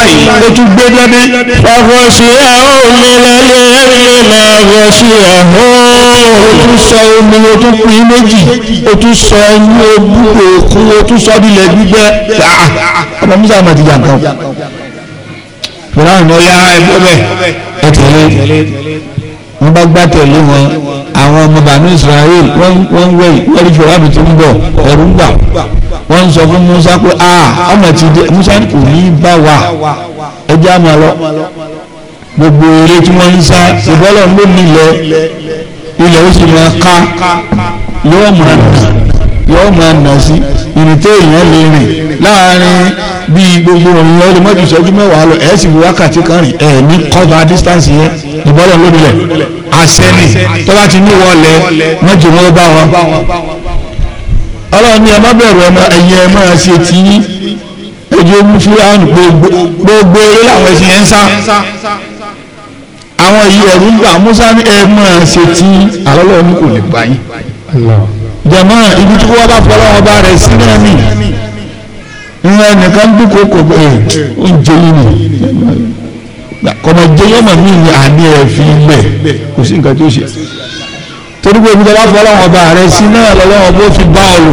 báyìí ó tún gbé dẹ́bí. ọ̀gọ̀sì ẹ̀hún mi lẹ́lẹ́ ẹ̀mí náà ọ̀gọ̀sì ẹ̀hún. ó tún sọ omi ó tún pín méjì ó tún sọ ẹni ogún òkun ó tún sọ dilẹ̀ gbígbẹ́. Ah, ọmọ musa amadi jà nǹkan. fúláwọn ní ọyá ẹgbẹ́ bẹ́ẹ̀ ẹ tẹ̀lé wọ́n bá gbá tẹ̀lé wọn àwọn ọmọ bàánú Israel wọ́n wẹ̀ wọ́n rí jọ̀wọ́ àbùtù ń bọ̀ ẹ̀rù ń gbà wọ́n ń sọ fún Musa pé a ah, ọmọ ti dé Musa kò ní bá wa ẹjẹ́ àmọ́ lọ gbogbo eré tí wọ́n ń sá ìbọ́lọ̀ ló nílẹ̀ ilẹ̀ ó sì máa ká yóò máa nà yóò máa nà sí ìrìntẹ́ èèyàn lè rìn láàárín bí gbogbo òun lọ lè mọ́jú ìṣẹ́jú mẹ́wàá lọ ẹ̀ sì fi wákàtí kan rìn ẹ̀ ní cover distance yẹn ìbọ́lọ̀ ló nílẹ̀ àṣẹ ni tọ́lá ti ní wọlé mọ́jú wọn bá wọn ọlọ́run ni ẹ má bẹ̀rù ọmọ ẹ̀yìn ẹ máa ṣe tí ojú ogun fúláhùn gbogbo eré làwọn ẹṣin yẹn ń sá àwọn èyí ẹ̀rú ń gbà musa ní ẹ máa ṣe tí àlọ́lọ́run kò lè gbà yín jẹ̀mọ́ ibi tí wọ́n bá fọlọ́ wọn bá rẹ̀ sí náà nì ìran nìkan dúkòó kò bẹ́ẹ̀ ó jẹ́ yín nì kọ́mọ jẹ́ yọ́mọ̀ mí ni àní ẹ̀ fi ń bẹ̀ kò sí nǹkan tó ṣe torí pé ìjọba fọlọ́wọ́n ọba rẹ sí náà lọ́wọ́ bó fi bá ọlù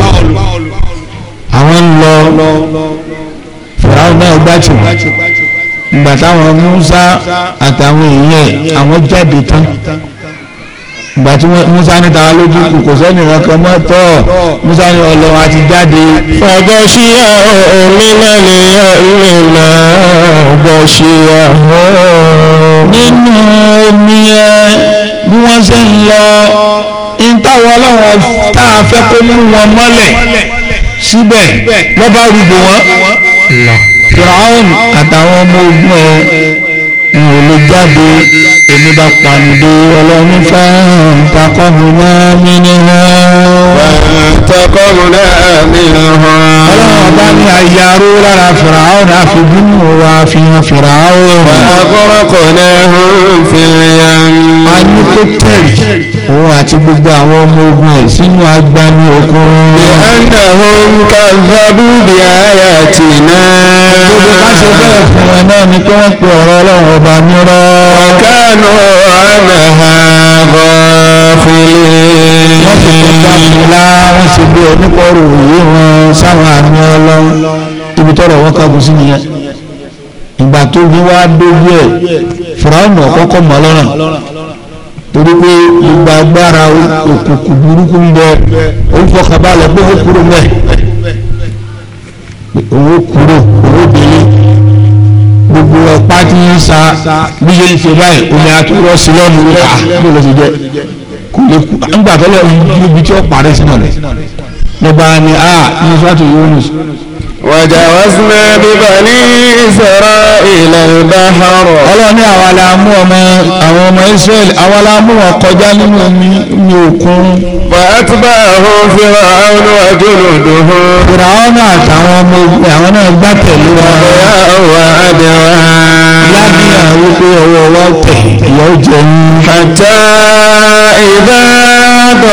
àwọn ń lọ fìràwọ̀ náà gbàtù ìgbà táwọn Musa àtàwọn èèyàn àwọn jáde tán ìgbà tí Musa ní tàwa lójú kù kò sẹ́ni kankan mọ́ tọ́ Musa ní ọlọ́run àti jáde. ọgọ́ sí ilé náà ọgọ́ sí nínú omi ẹ bí wọ́n ṣe ń lọ ìtawọ́ ọlọ́wọ́n tá a fẹ́ kó mú wọn mọ́lẹ̀ síbẹ̀ wọ́n bá rúgbò wọn. fìràhùn àtàwọn ọmọ ogun ẹ̀ ń wò jáde èmi bá pàǹdé ọlọ́run fẹ́ràn takọ́ mi wá mí ní fẹ̀ntẹ́kọ́mùnà mìíràn. ọlọ́run bá ní ayáró lára fìràwọ́n àfi bínú wa fi hàn fìràwọ́n. akọ́rọ́kọ̀ náà ń fi hàn. a ní kó tẹ̀lé òun àti gbogbo àwọn ọmọ ogun ẹ̀ sínú agbami òkun. ìhànà òun ká fábù àyà tì náà. gbogbo bá ṣe bẹ́ẹ̀ fún wọn náà ni pé wọ́n pe ọ̀rọ̀ ọlọ́run ọba nírọ́. ọ̀kánù àmàhà bọ̀ fìlẹ̀ ńlá wọ́n ṣe gbé onípọ̀rọ̀ òye wọn sáwọn àmì ọlọ́run ibi tọrọ wọn kàgùn sí nìyẹn ìgbà tó bí wá dójú ẹ̀ fìràwọ̀n ọ̀kọ́kọ́ mọ̀ lọ́nà torí pé gbogbo agbára òkùnkùn burúkú ń bẹ orúkọ kabalẹ̀ pé ó kúrò mẹ́ owó kúrò owó délé gbogbo ọ̀pá tí ń sa bí yẹn ń ṣe báyìí omi àtúrọ̀ sí lọ́nu nípa ah, bí ó lọ sí jẹ́ nígbà tó lọ níbi tí ó parí sínú rẹ̀ nígbà ni a ní sọ́tù Yunus. wàjà wàsílẹ̀ bíbá ní ìṣẹ̀rọ والبحر ọlọ́ni àwa la mú ọmọ àwọn ọmọ Israẹli àwa la mú wọn kọjá nínú omi ní òkun. فأتبعه فرعون وجنوده. fìràwọ́nù àtàwọn ọmọ àwọn náà gbá tẹ̀lé wọn. ọ̀yà àdéhùn. lábìyàn wípé ọwọ́ wa tẹ̀ ìyá ó jẹun. kàtà ìdá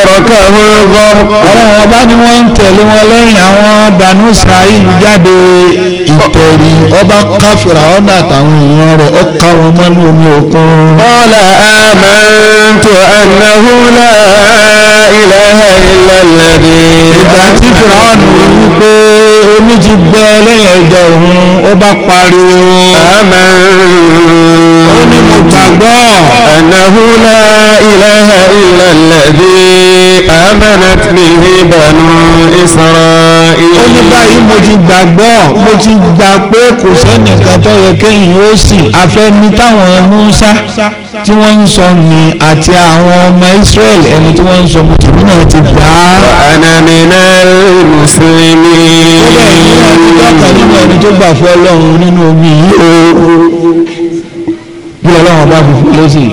rakabu al-gharq. ọlọ́run ọba ni wọ́n ń tẹ̀lé wọn lẹ́yìn àwọn Banu Israil jáde ìtẹ̀rí ọba káfíra ọ̀nà àtàwọn èèyàn rẹ̀ ó ká wọn mọ́nú omi òkun. qala amantu annahu la ilaha illa alladhi. ìgbà tí fìràwọ̀nù wípé omi ti gbẹ lẹ́yìn ẹ̀jẹ̀ òun ó bá pariwo. amantu. ó ní mo gbàgbọ́. annahu la ilaha illa amanat bihi banu Isra'il. ó ní báyìí mo ti gbàgbọ́ mo ti gbà pé kò sẹ́nìkan tó yẹ kéyìn ó sì afẹ́ni táwọn Mùsá tí wọ́n ń sọ ní àti àwọn ọmọ Israel ẹni tí wọ́n ń sọ mùsùlùmí náà ti gbà á. anamina mùsùlùmí. ó lè ní ẹni dọ́kà nínú ẹni tó gbà fún Ọlọ́run nínú omi yìí bí Ọlọ́run bá fi fún lọ́sìn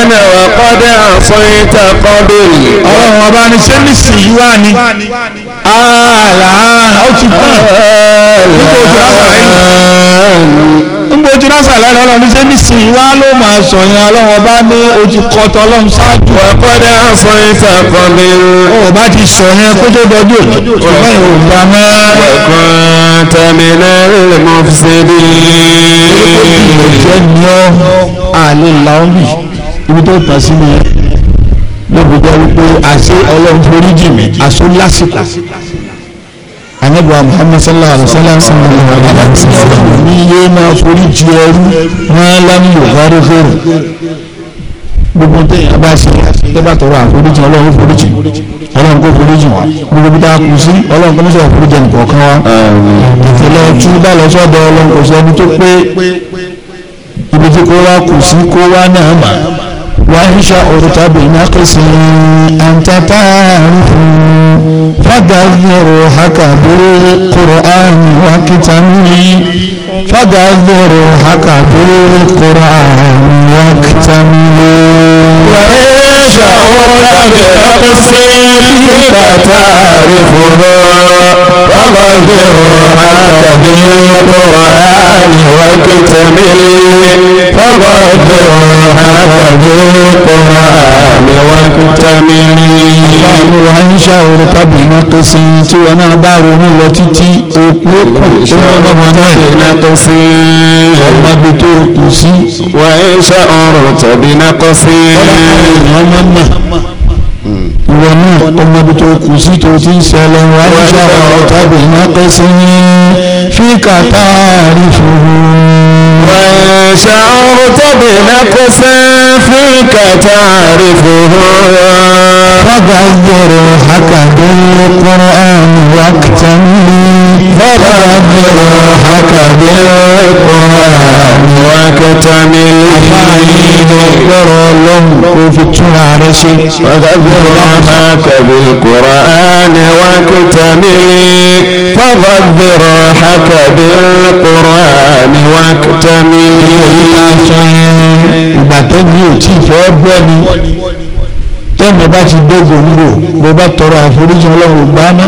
ana wa qad asayta qabli. ọlọ́run ọba ni ṣé nísìnyí wá ni. ààlà ó ti kú nígbà ojú lásà lẹ́nu. nígbà ojú lásà lẹ́nu ọlọ́run ṣé nísìnyí wá ló máa sọ yẹn ọlọ́run ọba ní ojú kọ́tọ̀ ọlọ́run ṣáájú. wa qad asayta qabli. ọba ti sọ yẹn kó tó dọjú òní. ọlọ́run ò gbà mọ́. wa kunta minal mufsidin. ìjẹ́ ni ọ́ àlè làwọn bì ibi tó tà sí ni lọ́gbọ̀dọ̀ wípé àṣẹ ọlọ́run forí jì mí àṣọ lásìkò anabu muhammad sallallahu alaihi wasallam sallallahu alaihi wasallam ni yé máa forí jì ẹrú máa lámìlò gbárùgbòrò gbogbo tẹ ẹ bá ṣe tẹ́bà tọrọ àforíjì ọlọ́run foríjì ọlọ́run kó foríjì wá gbogbo bí dáa kù sí ọlọ́run kó mọ́sọ̀ foríjì nìkọ̀ọ̀kan wa ìfẹ́lẹ́ tún bá lọ sọ́dọ̀ ọlọ́run kò sọ ẹni tó pé ibi tí kó wá kù sí kó wá náà وإن شعرت بنقص أنت تعرف فدذ روحك بالقرآن وكتمه فدبروا حق بالقرآن واكتملوا وإن شعرت بتقصير فتعرفنا فدبروا حق بالقرآن واكتملوا فدبروا حق بالقرآن tamirin. Ọlọ́run wa ń ṣàwòrán tábìlì náà tó sin tí wọn náà bá ronú lọ títí òkú ìṣàwòrán tábìlì náà tó sin. Ọmọdé tó kù sí. شعرت بنفسا فيك تعرفه فغير روحك بالقرآن واكتمل فغير روحك بالقرآن tàbílì àfáàyí lọ́rọ̀ ọlọ́run kó fi túnra rẹ̀ ṣe ọ̀dọ́gbọ̀n máa kàbílì kòrò áni wá kí tàbílì fọ́gbọ̀gbọ̀rọ̀ àkàbílì kòrò áni wá kí tàbílì ìgbà tó ní òtí ìfẹ́ bọ́ ni bá ti dógò ń lò bó bá tọrọ àforíjì ọlọ́run gbáná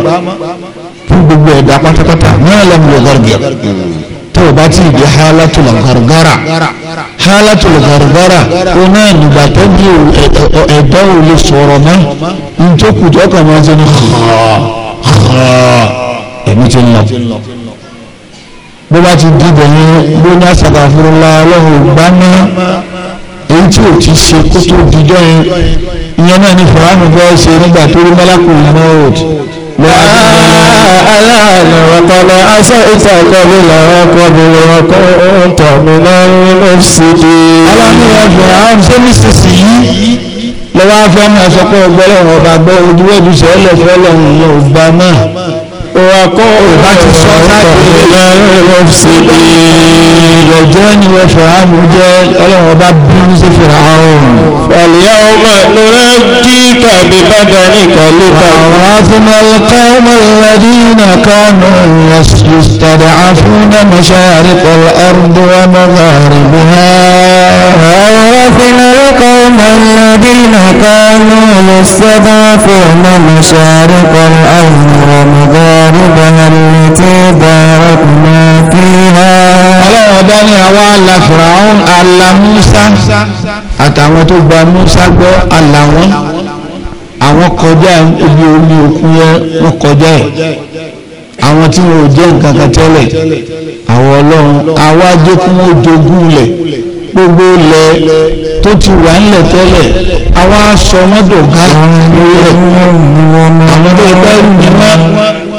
fún gbogbo ẹ̀dá pátápátá náà lọ́mọ lọ́gọ́rùn-ún tó o bá ti di halatul gargara halatul gargara o náà nígbà tó ní ẹ̀dá ò lè sọ̀rọ̀ mọ́ njókòjọ́ kan máa ń sẹ́ni xaa xaa ẹ̀mí ti ń lọ bó bá ti dìbò yẹn bó ní asàkàfúrúlá ọlọ́run gbá ná èyí tí ò ti ṣe kó tó yẹn ìyẹn náà ní fúlàní bọ́ọ̀ ṣe nígbà tó rí mọ́lákùnrin náà rò. الآن وقد عصيت قبل وقبل وكنت من المفسدين ọlọ́ni ẹ̀fẹ̀ àwọn ṣé ní sísì yìí lọ́wọ́ afẹ́ máa sọ pé ọgbọ́lọ́wọ́ ọba gbọ́ ojúwẹ́jú sẹ́lẹ̀ fẹ́lẹ̀ ọ̀hún ọba náà òwà kọ́ ọba ti sọ láti ilẹ̀ ọjọ́ ni wọ́n fẹ̀rẹ̀ àmú jẹ́ ọlọ́wọ́ ọba bínú sí fẹ̀rẹ̀ àrùn. لك ببدنك وعرفنا القوم الذين كانوا يستضعفون مشارق الأرض ومغاربها وعرفنا القوم الذين كانوا يستضعفون مشارق الأرض ومغاربها التي باركنا فيها ọ̀dọ́ ni àwa àlà fìràún àlà Musa àtàwọn tó gba Musa àwọn kọjá ibi omi òkun yẹn wọ́n kọjá ẹ̀ àwọn tí wọn ò jẹ́ nǹkan kan tẹ́lẹ̀ àwọn ọlọ́run àwa jẹ́ kí wọ́n jogún lẹ̀ gbogbo lẹ̀ tó ti wà ńlẹ̀ tẹ́lẹ̀ àwa sọ wọ́n dọ̀gá lórí ẹ̀ àwọn tó bá rù ní wọn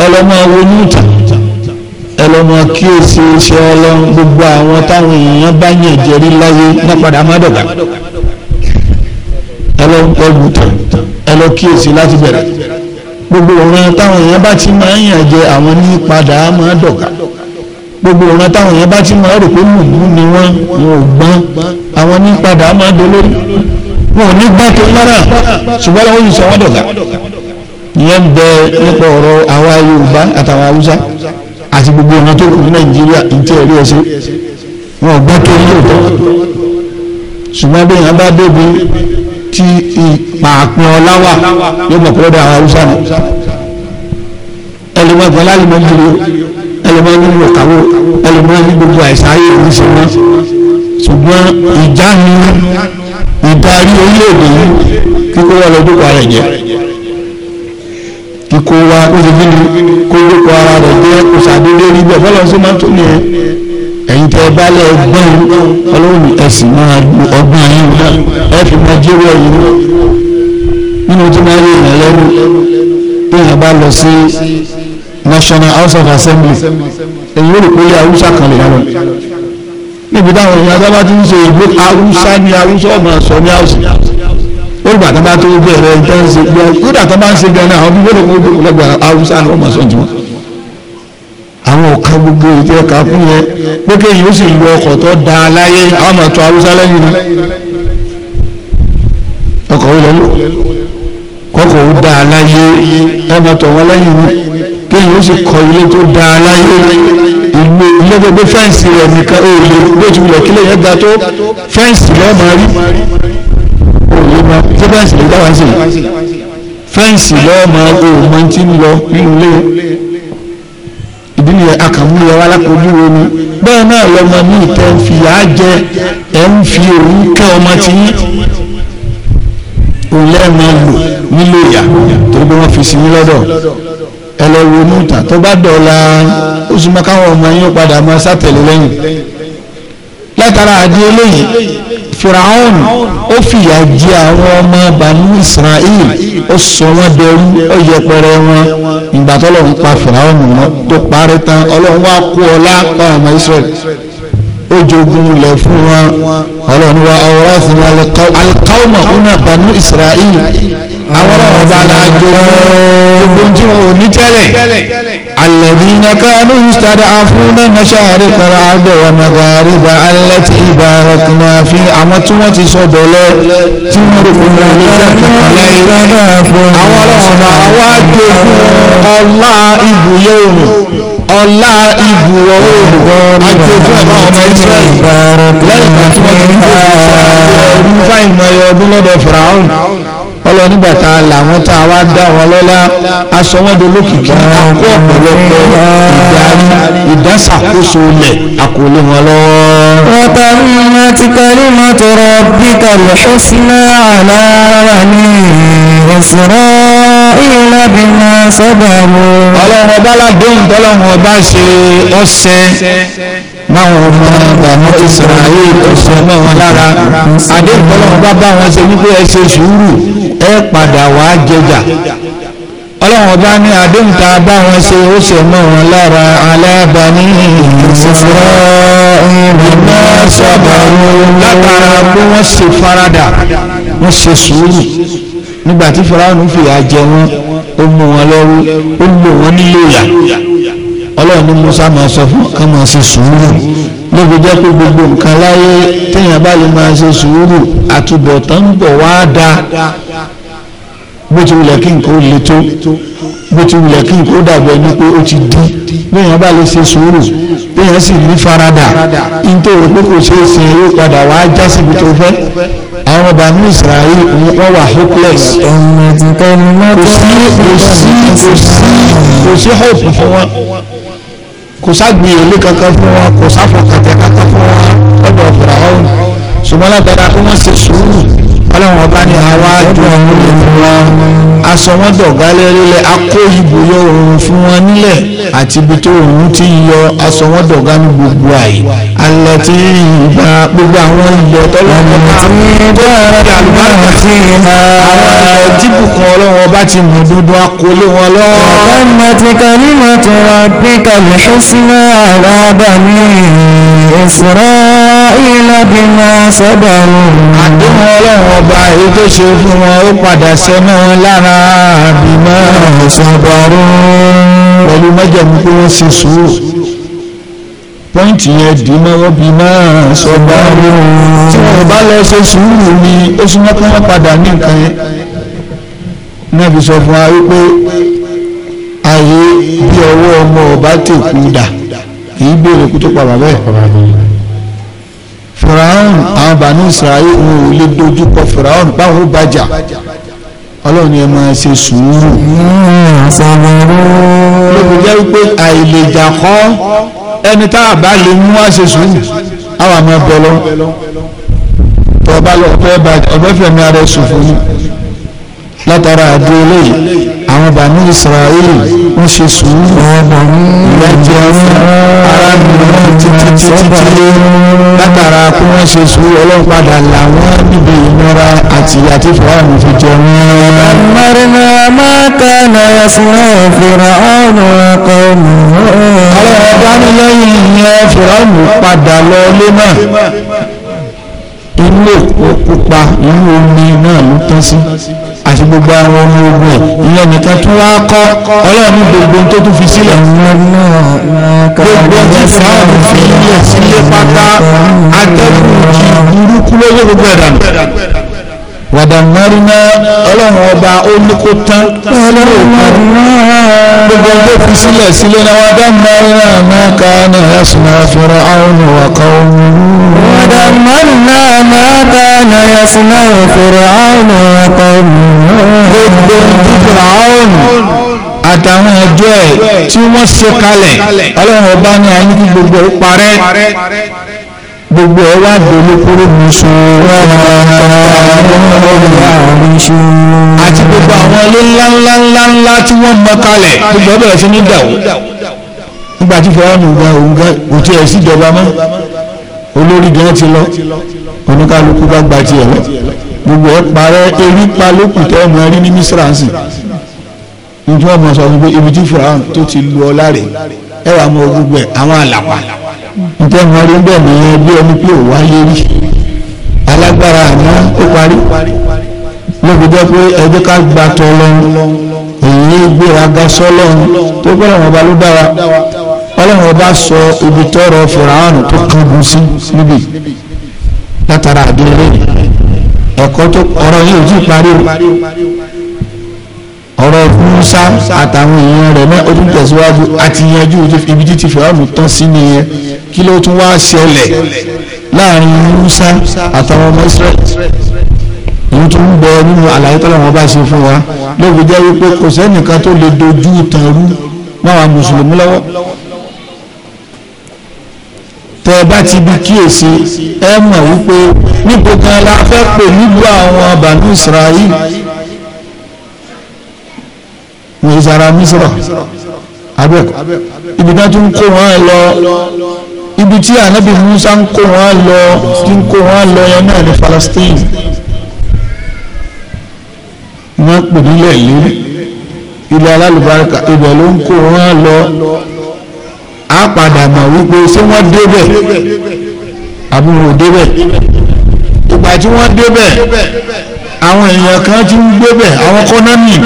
ẹlọ́mọ wọnú ìtàn ẹlọ́mọ kí o ṣe iṣẹ́ ọlọ́run gbogbo àwọn táwọn èèyàn bá yàn jẹ́rí láyé náà padà má dọ̀gá ẹlọ́mọ pẹ́ bùtàn ẹ lọ kíyèsí láti bẹ̀rẹ̀ gbogbo ọ̀ràn táwọn èèyàn bá ti máa ń yàn jẹ àwọn ní padà máa dọ̀gá gbogbo ọ̀ràn táwọn èèyàn bá ti máa rò pé mùmú ni wọ́n wọn ò gbọ́n àwọn ní padà máa dolórí wọn ò ní gbá tó lára ṣùgbọ́n àwọn olùsọ wọn dọ̀gá ìyẹn ń bẹ nípa ọ̀rọ̀ àwa Yorùbá àtàwọn Haúsá àti gbogbo ọ̀ràn tó kù ní Nàìjíríà ìtẹ́ ẹ̀rí ẹ̀sẹ̀ wọn ò gbá tó yóò tọ́ ṣùgbọ́n bí pàápín ọláwà yóò mọ̀ pé ó dé àwọn haúsá ni ẹlòmọ́ ìgbọ́lá lè mọ́ nílò ẹlòmọ́ nílò kàwó ẹlòmọ́ ní gbogbo àìsàn ayé ìlú ṣe mọ́ ṣùgbọ́n ìjánu ìdarí orílẹ̀-èdè yìí kíkó wà lọ́dún ara jẹ́ kíkó wà lọ́dún kó lóko ara rẹ̀ jẹ́ kó ṣàdédé rí fọlọ́n sí tó nìyẹn ẹ̀yin tẹ́ bá lẹ̀ gbọ́n ọlọ́run ẹ̀sìn máa ọgbọ́n yìí ẹ fi máa jẹ́wọ́ yìí nínú tí máa rí èèyàn lẹ́nu bí èèyàn bá lọ sí National House of Assembly èyí ò rò pé haúsá kan lè yálọ níbi táwọn èèyàn tó bá ti ń ṣe ìlú haúsá ní haúsá ọ̀nà sọ ní haúsá ó gbà tó bá tó bẹ̀rẹ̀ tó ń ṣe gbọ́ kódà tó bá ń ṣe gan-an àwọn bí wọ́n lè kó lọ́gbà haúsá ni wọ́n máa sọ jùlọ àwọn ọ̀ka gbogbo ìdí ẹ̀ka fún yẹn pé kéèyàn ó sì lu ọkọ̀ tó da láyé àwọn ọmọ tó haúsá lẹ́yìn náà ọkọ̀ ó lọ lọ dáa láyé ẹ̀ma tọ̀ wọ́n lẹ́yìn mi kéèyàn ó sì kọ́ ilé tó dáa láyé ìlú ilé gbogbo fẹ́ǹsì rẹ̀ nìkan ó lè gbójú rẹ̀ kílẹ̀ yẹn ga tó fẹ́ǹsì lọ́ọ́ máa rí òye ma ṣé fẹ́ǹsì lè dáwà sí fẹ́ǹsì lọ́ọ́ máa ó máa ti ń lọ nínú ilé ìdí nìyẹn akàmúlẹ̀ wa lápòjú wo ni bẹ́ẹ̀ náà lọ́mọ ní ìtẹ́ ń fi yàá jẹ ẹ̀ ń fi òun kẹ́ ọmọ tí yín òun lẹ́ẹ̀mọ́ lò nílò ìyà torí pé wọ́n fi sí yín lọ́dọ̀ ẹ lọ wo níta tó bá dọ̀la ó sì mọ káwọn ọmọ yín padà máa sátẹ̀lé lẹ́yìn látara àdí eléyìí firaun ó fìyà jẹ àwọn ọmọ banu israel ó sọ wọn dẹrú ó yẹpẹrẹ wọn ìgbà tó lọ ń pa firaun mọ tó parí tán ọlọ́run wá kó ọlá pa ọmọ israel. israel jogun lẹ̀ fún wa ọlọ́run wa awọ́rọ́ fún wa alqawma una banu israel àwọn ọlọ́run bá la jogún gbogbo tí wọn ò ní tẹ́lẹ̀. الذين كانوا يستضعفون مشارق الأرض ومغاربها التي باركنا فيها àwọn tí wọ́n ti sọ dọ̀lẹ́ tí wọ́n rò fún wọn ní ìjọba lẹ́yìn àwọn ọlọ́run bá wá jogún ọlá ibùyẹ òòrùn ọlá ibù ọ̀rọ̀ àjòjò ọmọ ọmọ israẹli lẹ́yìn tí wọ́n ti ń bá ọdún fáìmọ̀ ẹ̀yọ ọdún lọ́dọ̀ fìràhùn ọlọ́ nígbà tá a là wọ́n tá a wá dá wọn lọ́lá aṣọ wọn di olókìkí àkó ọ̀pọ̀lọpọ̀ ìdarí ìdásàkóso ilẹ̀ àkólé wọn lọ́wọ́. wọ́tà mímọ́ ti kárí mọ́ tọrọ bí kàlẹ́ ó sì náà alára ní ìrọ̀sọ̀rọ̀ ìlà bí wọ́n sọ́dọ̀ ọlọ́run ọba ládùn tọ́lọ́run ọba ṣe ọ̀sẹ̀ báwọn ọmọ bàmú Israẹli ọ̀sẹ̀ náà wọn lára adébọ́lọ́wọ́ bá bá wọn ṣe wípé ẹ ṣe sùúrù ẹ padà wá jẹjà ọlọ́run ọba ní àdéhùn tá a bá wọn ṣe ó ṣe mọ́ wọn lára alábàání ìṣòro ìrìnà sọ̀bọ̀rù látara pé wọ́n ṣe faradà wọ́n ṣe sùúrù nígbà tí Fáráò fìyà jẹ wọn ó mú wọn lọ́rú ó lò wọn nílé ìyà ọlọ́run ní Musa máa sọ fún ká máa ṣe sùúrù níbi jẹ́ pé gbogbo nǹkan láyé téèyàn bá lè máa ṣe sùúrù àtúbọ̀tán ń bọ̀ wá da bó ti wulẹ̀ kí nǹkan ó le tó bó ti wulẹ̀ kí nǹkan ó dàgbẹ́ ní pé ó ti di béèyàn bá lè ṣe sùúrù béèyàn sì ní faradà nítorí pé kò ṣeé ṣe yóò padà wá já síbi tó fẹ́ àwọn ọba ní Israel wọ́n wà hopeless kò sí kò sí kò sí hope fún wọn kò ságbìyànjú kankan fún wa kò sáfọkàtẹ kankan fún wa lọ́dọ̀ fìràwọ ṣùgbọ́n látara kí wọn ṣe sùúrù ọlọ́run ọba ní àwa ju àwọn ẹ̀fọ́ wa aṣọ wọn dọ̀gá lẹ́rẹ́lẹ́ akó ìbòyọ fún wọn nílẹ̀ àti ibi tó òòrùn ti yọ aṣọ wọn gbogbo àyè alẹ́ tí ìgbà gbogbo àwọn ìyọ̀ tọ́lọ́run ọba tó ń gbà àlùbáyé àwọn ìyọ̀ jíbùkún ọlọ́run ọba ti mú dúdú akólé wọn lọ́wọ́. ọ̀gá ti kàlí mọ́tò wa bí kàlí ṣọ́sínà àlábàá ní ìsirọ́. إسرائيل بما صبروا àdéhùn ọlọ́run ọba èyí tó ṣe fún wọn ó padà sẹ́nu lára bímọ ìsọ̀bọ̀rún pẹ̀lú mẹ́jẹ̀mú pé wọ́n ṣe sùúrù pọ́ǹtì yẹn dì mọ́ wọ́n bí máa sọ̀bọ̀rún tí wọ́n bá lọ ṣe sùúrù ni ó súnmọ́ pé wọ́n padà ní nǹkan yẹn náà fi sọ fún wa wípé ayé bí ọwọ́ ọmọ ọba tèkú dà kì í béèrè kú tó pa bàbá ẹ̀ fìràhùn àwọn bàánú israẹli wọn ò lè dojú kọ fìràhùn báwọn ó bàjá ọlọ́run ni ẹ máa ṣe sùúrù. lóko jẹ́ wípé àìlèjà kọ́ ẹni tá a bá lè mú wá ṣe sùúrù àwọn àmọ́ ẹ bẹ̀ lọ. bá lọ fẹ́ bàjẹ́ ọ̀bẹ́fẹ̀mí ara ẹ̀ sùn fún mi látara àdó eléyìí àwọn bàmí Israẹli wọ́n ṣe sùúrù ìyájẹ ọ̀run ara mìíràn títí títí látara kó wọ́n ṣe sùúrù ọlọ́run padà làwọn níbi ìnira àti ìyà tí fìràwọ̀n fi jẹ wọ́n. àmàrinà máa kànà ẹ̀sìnà fìràwọ̀n ọkọ̀ mọ́. ọlọ́run dánilẹ́yìn ìyẹn fìràwọ̀n padà lọ lé náà inú òkú pupa inú omi náà ló tán sí àti gbogbo àwọn ọmọ ogun ẹ̀ ìyẹn nìkan tó wá kọ́ ọlọ́run gbogbo tó tún fi sílẹ̀ gbogbo tí fáwọn fi ilẹ̀ sílé pátá atẹ́kùn jí burúkú lórí gbogbo ẹ̀dà wàdàmọ́rí náà ọlọ́run ọba ó ní kó tán lórí gbogbo tó fi sílẹ̀ sílé náà wàdàmọ́rí náà máa ka náà náà fẹ́ràn àwọn ìwà kan ó ń mú. ودمرنا ما كان يصنع فرعون وقومه gbogbo ti firaun àtàwọn ẹjọ ẹ tí wọ́n ṣe kalẹ̀ Ọlọ́run ọba ní ayé kí gbogbo ẹ parẹ́ gbogbo ẹ wá dòló kúrò ní ṣòro àti gbogbo àwọn ilé ńlá ńlá ńlá tí wọ́n mọ kalẹ̀ gbogbo ẹ bẹ̀rẹ̀ sí ní dàwó nígbà tí firaun òun ga òun ga òtí ẹ síjọba mọ́ olórí gan ti lọ oníkálukú bá gba tiẹ̀ lọ gbogbo ẹ̀ parẹ́ erí pa lókùn tẹ́ ọmọ rí ní mísírànsì nítorí ọmọ sọ fún pé ibi tí fìràn tó ti lu ọlá rẹ̀ ẹ wà mọ gbogbo ẹ̀ àwọn àlàpà nítorí ọmọ rí bẹ́ẹ̀ nìyẹn bí ẹni pé ò wáyé rí alágbára àmọ́ ó parí lóbi jẹ́ pé ẹjẹ́ ká gba tọ́ lọ́run èyí gbéraga sọ́lọ́run tó gbọ́dọ̀ wọn bá ló dára ọlọ́run ọba sọ ibi tọrọ fìràánù tó kángun sí níbí látara àdúrà ẹ̀kọ́ tó ọ̀rọ̀ yìí ò tí ì parí ọ̀rọ̀ musa àtàwọn èèyàn rẹ̀ náà ó tún tẹ̀síwájú àti yanjú ibi títí fìràánù tán sí nìyẹn kí ló tún wá ṣẹlẹ̀ láàrin musa àtàwọn ọmọ israẹli èyí tó ń bẹ nínú àlàyé tọ́lọ́wọ́n bá ṣe fún wa lóògbé jẹ́ wípé kò sẹ́nìkan tó lè dojú ìtàn rú máa mùsùlùmí lọ́wọ́ tẹ ẹ bá ti bí kíyèsí ẹ mọ̀ wípé níbo gan la fẹ́ pè nílùú àwọn banu israel ní ìsara misra abẹ́kọ̀ ibi náà tún kó wọn lọ ibi tí anabi musa ń kó wọn lọ tí ń kó wọn lọ yẹn náà ní palestine wọn pè nílẹ̀ ilé ilẹ̀ alálùbáríkà ibẹ̀ ló ń kó wọn lọ padà mọ̀ wípé ṣé wọ́n débẹ̀ àbí wọn ò débẹ̀ ìgbà tí wọ́n débẹ̀ àwọn èèyàn kan ti ń gbébẹ̀ àwọn kọ́nà nìyí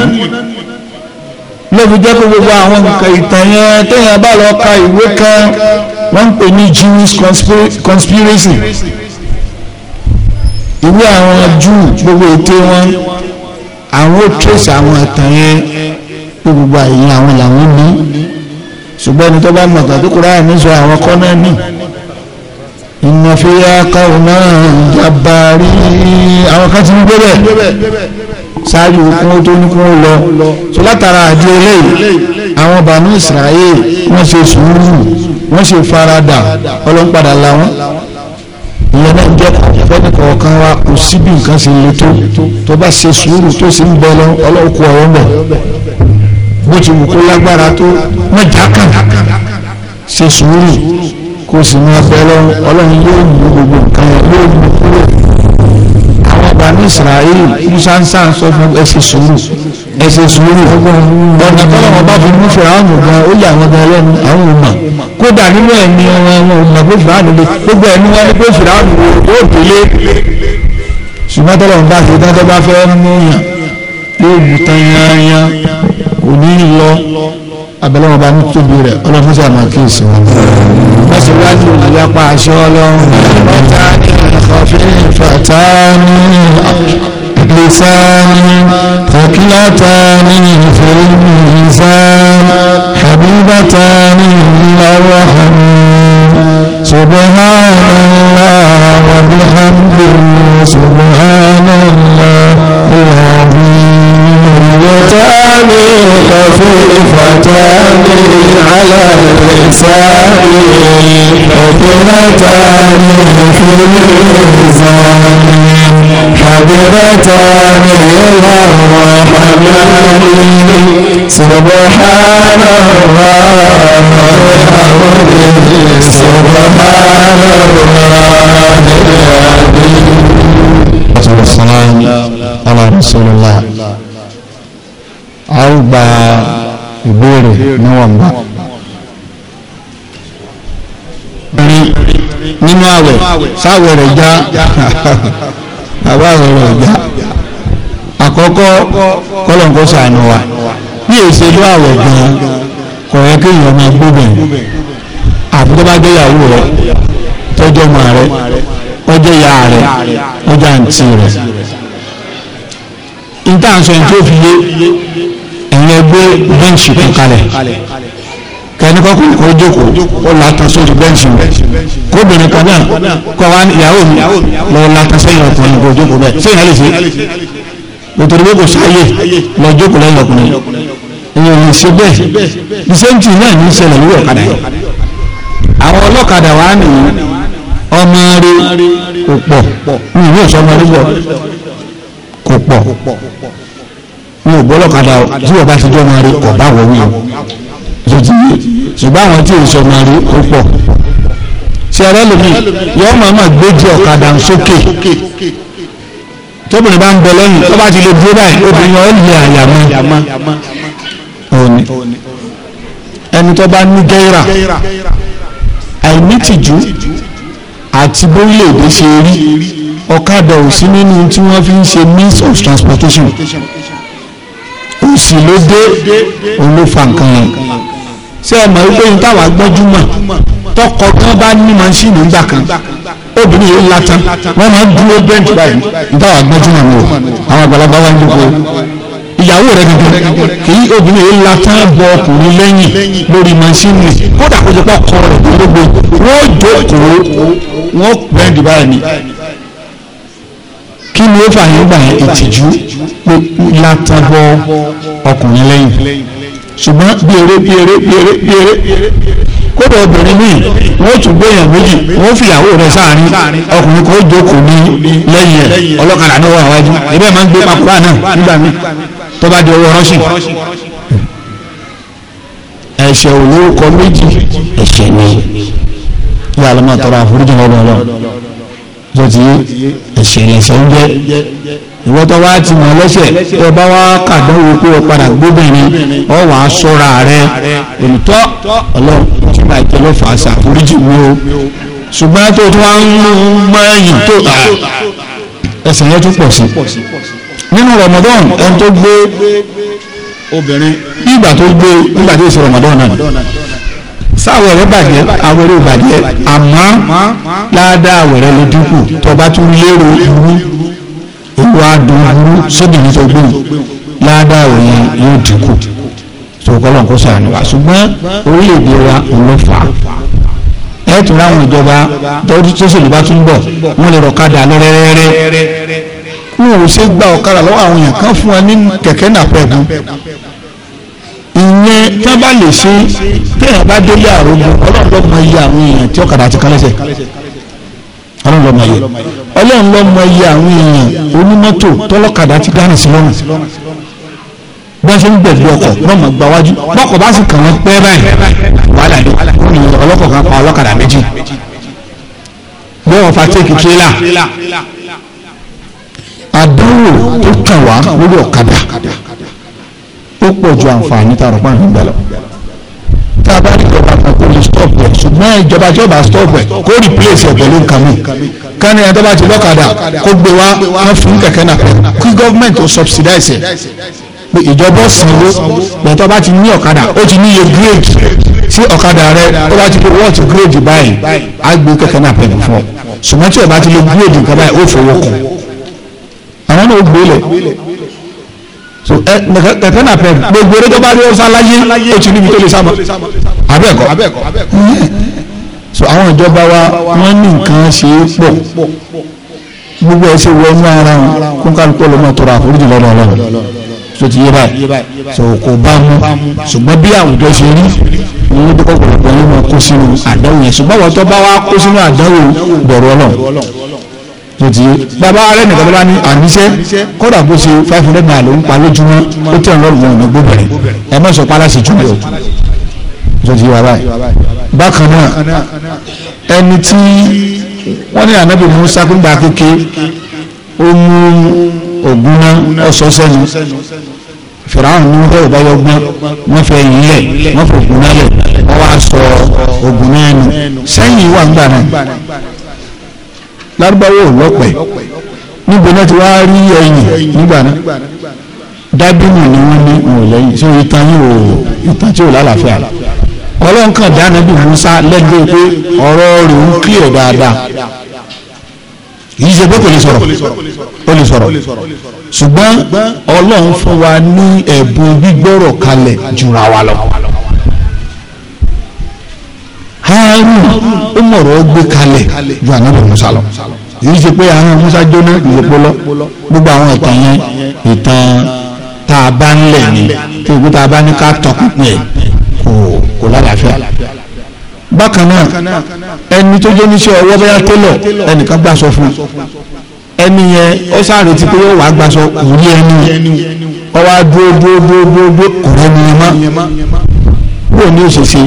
lóbi jẹ́ pé gbogbo àwọn nǹkan ìtàn yẹn téèyàn bá lọ ka ìwé kan wọ́n ń pè ní Jewish conspiracy ìwé àwọn Jew gbogbo ète wọn àwọn ó trace àwọn ìtàn yẹn gbogbo àyè àwọn làwọn ní ṣùgbọ́n ẹni tó bá mọ̀ tàbí kúránì sọ àwọn kọ́nà ní inna fiya qawman jabbari àwọn kan ti ń gbé bẹ̀ ṣáájú kún tó ní kún lọ tó látara àdí eléyìí àwọn bànú Israel wọ́n ṣe sùúrù wọ́n ṣe faradà ọlọ́npadà làwọn ìyẹn náà jẹ́ àjẹfẹ́ni kọ̀ọ̀kan wa kò síbi nǹkan ṣe le tó tó bá ṣe sùúrù tó sì ń bẹ lọ ọlọ́kùn ọ̀rọ̀ mọ̀ bó ti wù kó lágbára tó mọ̀jákàn ṣe sùúrù kó sì máa bẹ lọ́wọ́ ọlọ́run yóò mú gbogbo nǹkan yẹn yóò mú kúrò àwọn ọba ní Israel musa ń sá sọ fún ẹ ṣe sùúrù ẹ ṣe sùúrù ọ̀nà tọ́lọ́wọ́ bá fi mú fìrà àwọn ọ̀gá ó yà wọn gan lẹ́nu àwọn ọmọ kódà nínú ẹ̀mí wọn wọn ò mọ̀ gbogbo àdúgbò gbogbo ẹ̀mí wọn ni pé fìrà àwọn yóò délé ṣùgbọ́n tọ́lọ́wọ́ bá fi tán bá fẹ́ òní lọ abẹ́lẹ́wọ̀n bá ní tóbi rẹ̀ ọlọ́run sí àmà kíyèsí wọn. mẹ́sì wá ní ìyapa àṣẹ ọlọ́run ọ̀tá ní ìfọ̀fín ìfọ̀tá ní ìgbésání ní ìfẹ̀rẹ̀mìsán habibatà ní ìlọ́wọ́ hàn ṣùgbọ́n náà نادر على الإنسان حببتان في الميزان حببتان إلى الرحمن سبحان الله سبحان níwọ̀nba rin nínú àwẹ̀ sáwẹ̀ já àwẹ̀ rẹ̀ já àkọ́kọ́ kọ́lọ̀kọ́ sànù wa bí èsèlú àwẹ̀ gan kọ̀ọ̀yẹ́ kéèyàn máa gbóbẹ̀ àbúkọ́ bá gbéyàwó rẹ̀ tọ́jú ọmọ rẹ̀ ọjọ́ ìyá rẹ̀ ọjọ́ àǹtí rẹ̀ ìtànsọ̀ tó fi yé ẹ̀yìn ẹgbẹ́ bẹ́ǹṣì kan kalẹ̀ ní kọkùnrin kò jókòó ó lata sórí bẹ́ǹsì rẹ̀ kóbìnrin kan náà kọ́ wa ìyàwó mi lọ lata sẹ́yìn ọkùnrin kò jókòó bẹ́ẹ̀ sẹ́yìn alẹ́ sí nítorí pé kò sáyè lọ jókòó lẹ́yìn ọkùnrin èèyàn ò ṣe bẹ́ẹ̀ ìṣẹ́ntì náà ní ìṣẹ̀lẹ̀ lórí ọ̀kadà yìí àwọn ọlọ́kadà wa nìyí ọmọ rẹ̀ kò pọ̀ ní ìlú ìṣọmọ rẹ̀ kò pọ̀ ní ògbọ́lọ́kadà tí ọba ti jọ́ ọmọ rẹ̀ kò bá wọ̀ wí o ṣùgbọ́n àwọn tí èso máa rí ó pọ̀ ṣe ẹrẹ́ lómi yọ máa máa gbójú ọ̀kadà sókè tóbìnrin bá ń bẹ lẹ́yìn tó bá ti lè dúró báyìí obìnrin ọ̀ lè àyàmọ́ òní ẹni tó bá ní gẹ́ra àìnítìjú àti bórílẹ̀-èdè ṣe rí ọ̀kadà ò sí nínú tí wọ́n fi ń ṣe means of transportation òsì ló dé òun ló fa nǹkan yẹn ṣé ẹ mọ̀ wípé ní táwa gbọ́njúmọ̀ tọkọ tí wọ́n bá ní mọ́ṣíìnì ńgbà kan obìnrin yìí ńlá tán wọ́n máa ń dúró bẹ́ǹtì báyìí ní táwa gbọ́njúmọ̀ ni o àwọn àgbàlagbà wa ń dúró ìyàwó rẹ gẹ́gẹ́ kì í obìnrin yìí ńlá tán bọ ọkùnrin lẹ́yìn lórí mọ́ṣíìnì kódà kó jẹ́ pọ̀ kọ́ rẹ̀ gbogbo wọ́n jókòó wọ́n bẹ́ǹtì báyìí kí ni ó fà yín gbà ìtìjú látàbọ̀ ọkùnrin lẹ́yìn ṣùgbọ́n bí eré bí eré bí eré bí eré kódà obìnrin míì wọ́n tún gbéyàn méjì wọ́n fìyàwó rẹ̀ sáàrin ọkùnrin kan ó jókòó ní lẹ́yìn ẹ̀ ọlọ́kadà ní ọwọ́ àwájú ẹ̀bẹ́ máa ń gbé papòrá náà nígbà míì tó bá di owó rọ́ṣìn ẹ̀ṣẹ̀ olórúkọ méjì ẹ̀ṣẹ̀ ni yàrá máa tọrọ àforíjì lọ́dọ̀ ọlọ́run tó ti ẹ̀ṣẹ̀ lẹ̀ṣẹ̀ ń jẹ́ ìwọ tó wá ti mọ̀ lẹ́sẹ̀ tó bá wá kàdánwò pé o padà gbóbìnrin ọ wà á sọ́ra rẹ olùtọ́ ọlọ́run tí bá jẹ́ ló fà á ṣàforíjì mi o ṣùgbọ́n tó tó wá ń mọ ẹ̀yìn tó ta ẹ̀ṣẹ̀ yẹn tún pọ̀ sí nínú Ramadan ẹni tó gbé obìnrin nígbà tó gbé nígbà tó ṣe Ramadan náà sáwọn ẹ̀rẹ́ bàjẹ́ àwọn ẹ̀rẹ́ bàjẹ́ àmọ́ ládàá àwẹ̀rẹ́ ló dínkù tọba tún lérò irú owó adùn irú sóbìnrin tó gbé ládàá àwẹ̀rẹ́ yóò dínkù sọ̀kọ́lọ̀ kó sàánú wa ṣùgbọ́n orílẹ̀-èdè wa ò lọ fà á ẹ tún láwọn ìjọba tó ṣèlú bá tún bọ̀ wọ́n lè rọ̀kadà lọ́rẹ́rẹ́rẹ́ wọn ò ṣe gba ọ̀kadà lọ́wọ́ àwọn èèyàn kan fún wa ní kẹ̀kẹ́ nàpẹ̀gùn ìyẹn tí wọ́n bá lè ṣe téèyàn bá délé àrògbò ọlọ́run ló mọ iye àwọn èèyàn tí ọ̀kadà ti kálẹ́sẹ̀ ọlọ́run ló mọ iye ọlọ́run ló mọ iye àwọn èèyàn onímọ́tò tọ́lọ́kadà ti dáhùn sí lọ́rùn bọ́n ṣe ń gbẹ̀gbẹ̀ ọkọ̀ wọ́n mọ̀ gba wájú bọ́kọ̀ bá sì kàn wọ́n pẹ́ báyìí wàhálà ni wọ́n ọlọ́kọ̀ kan pa ọlọ́kadà ó pọ̀ ju àǹfààní tààrọ̀ pàǹ nígbà lọ. tá a bá ní ìjọba kan kó lè stop ẹ̀ ṣùgbọ́n ìjọba tí ó bá stop ẹ̀ kó replace ẹ̀ pẹ̀lú nǹkan mi kánú ẹ̀ tó bá ti lọ́kadà kó gbé wá wọ́n fún kẹ̀kẹ́ náà kí gọ́ọ̀mẹ̀ntì ó subsidize ẹ̀ pé ìjọba sanwó lọ́tọ́ bá ti ní ọ̀kadà ó ti ní iye grade tí ọ̀kadà rẹ ó bá ti pé wọ́ọ̀tì grade báyìí á gbé kẹ̀kẹ́ náà pẹ̀lú fún ọ ṣùgbọ́n tí ọba so ẹ ẹtẹ náà fẹ gbogbo eré tó bá rí ọsán láyé o ti níbi tó lè sá ma abẹ́ẹ̀kọ́ so àwọn ìjọba wa wọ́n ní nǹkan ṣe é pọ̀ gbogbo ẹ̀ ṣe wọnú ara wọn kó kálukú ọlọ́mọ tọrọ àforíjì lọ́dọ̀ ọlọ́run so ti yé báyìí so kò bá mu ṣùgbọ́n bí àwùjọ ṣe rí wọn ló kọ́kọ́ pẹ̀lú wọn kó sínú àdáwò yẹn ṣùgbọ́n wọn tó bá wa kó sínú àdáwò bọ̀rọ̀ ọlọ́run tó ti bàbá rẹ nìkan tó bá ní àníṣe kódà bó ṣe five hundred naira ló ń pa lójúmọ́ ó tẹ̀ ń lọ́rùn wọn ní gbóbìnrin ẹ má sọ pálá sí júlẹ̀ o tó ti wà báyìí bákan náà ẹni tí wọ́n ní ànábì Musa kó ń gba kéke ó mú ògùn náà ọ̀sọ́ sẹ́nu fìràwọn ní wọn fẹ́ ìbáyọ gbọn wọn fẹ́ ìyílẹ wọn fẹ́ ògùn náà lẹ wọn wá sọ ògùn náà nù sẹ́yìn wà ń gbà náà lárúbáwò lọ́pẹ̀ níbo náà ti wá rí ẹyìn nígbà náà dábìnì ni wọ́n ní òlẹ́yìn tí ìtàn yìí ò ìtàn tí ò lálàáfíà ọlọ́run kan dáná bí musa lẹ́gbẹ̀ẹ́ pé ọ̀rọ̀ rẹ̀ ń kílẹ̀ dáadáa kì í ṣe pé kò lè sọ̀rọ̀ ó lè sọ̀rọ̀ ṣùgbọ́n ọlọ́run fún wa ní ẹ̀bùn gbígbọ́rọ̀ kalẹ̀ jùra wa lọ. Harun ó mọ̀rọ̀ ó gbé kalẹ̀ ju ànábì Musa lọ èyí ṣe pé àwọn Musa jóná ìyẹ̀pọ̀ lọ gbogbo àwọn ìtàn yẹn ìtàn tá a bá ń lẹ̀ ni tí òkú tá a bá ní ká tọkùnkùn ẹ̀ kò kò lálàáfíà bákan náà ẹni tó jẹ́ níṣẹ́ ọwọ́ bẹ́yà télọ̀ ẹnìkan gbàsọ fún ẹni yẹn ó sàrètí pé yóò wá gbàsọ kò rí ẹni ọwọ́ á dúró dúró dúró dúró kò yẹn mọ́ bóun ni ó ṣe ṣe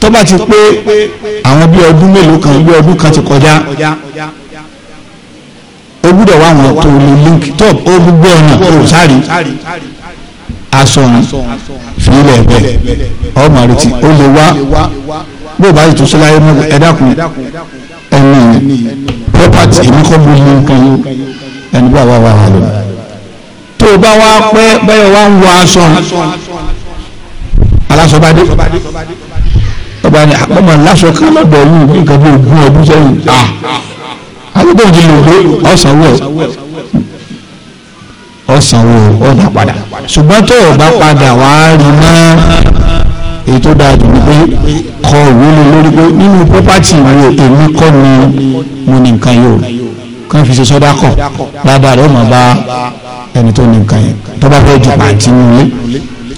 tó bá ti pé àwọn bí ọdún mélòó kan bí ọdún kan ti kọjá o gbúdọ̀ wá àwọn tó lè link top ó gbúgbọ́ ọ̀nà kò sáré asọ̀rùn fìlẹ̀ bẹ́ẹ̀ ọmọ rẹ ti ó lè wá bó o bá yìí tó ṣe láyé mọ́ ẹ dákun property èmi kọ́ mo ní nǹkan yìí ẹni bá wà wà wà lọ. tó o bá wá pẹ́ bẹ́ẹ̀ wá ń wọ aṣọ aláṣọ bá dé ọba ni àpamọ́ ah, lásọ kan lọ́dọ̀ wù nǹkan bí ogún ọdún sẹ́yìn à ah, àdúgbò òjì ló gbé ọ̀sánwó ọ̀sánwó ọ̀dà padà ṣùgbọ́n tó o bá padà wá rí mọ́ èyí tó dáa jù ní pé kọ òwe lé lórí pé nínú pọ́pátì mi ò èmi kọ́ ni mo ní nǹkan yìí o kàn fi ṣe sọ́dá kọ̀ dáadáa rẹ̀ ó máa bá ẹni tó ní nǹkan yẹn tó bá fẹ́ ju pàǹtí nílé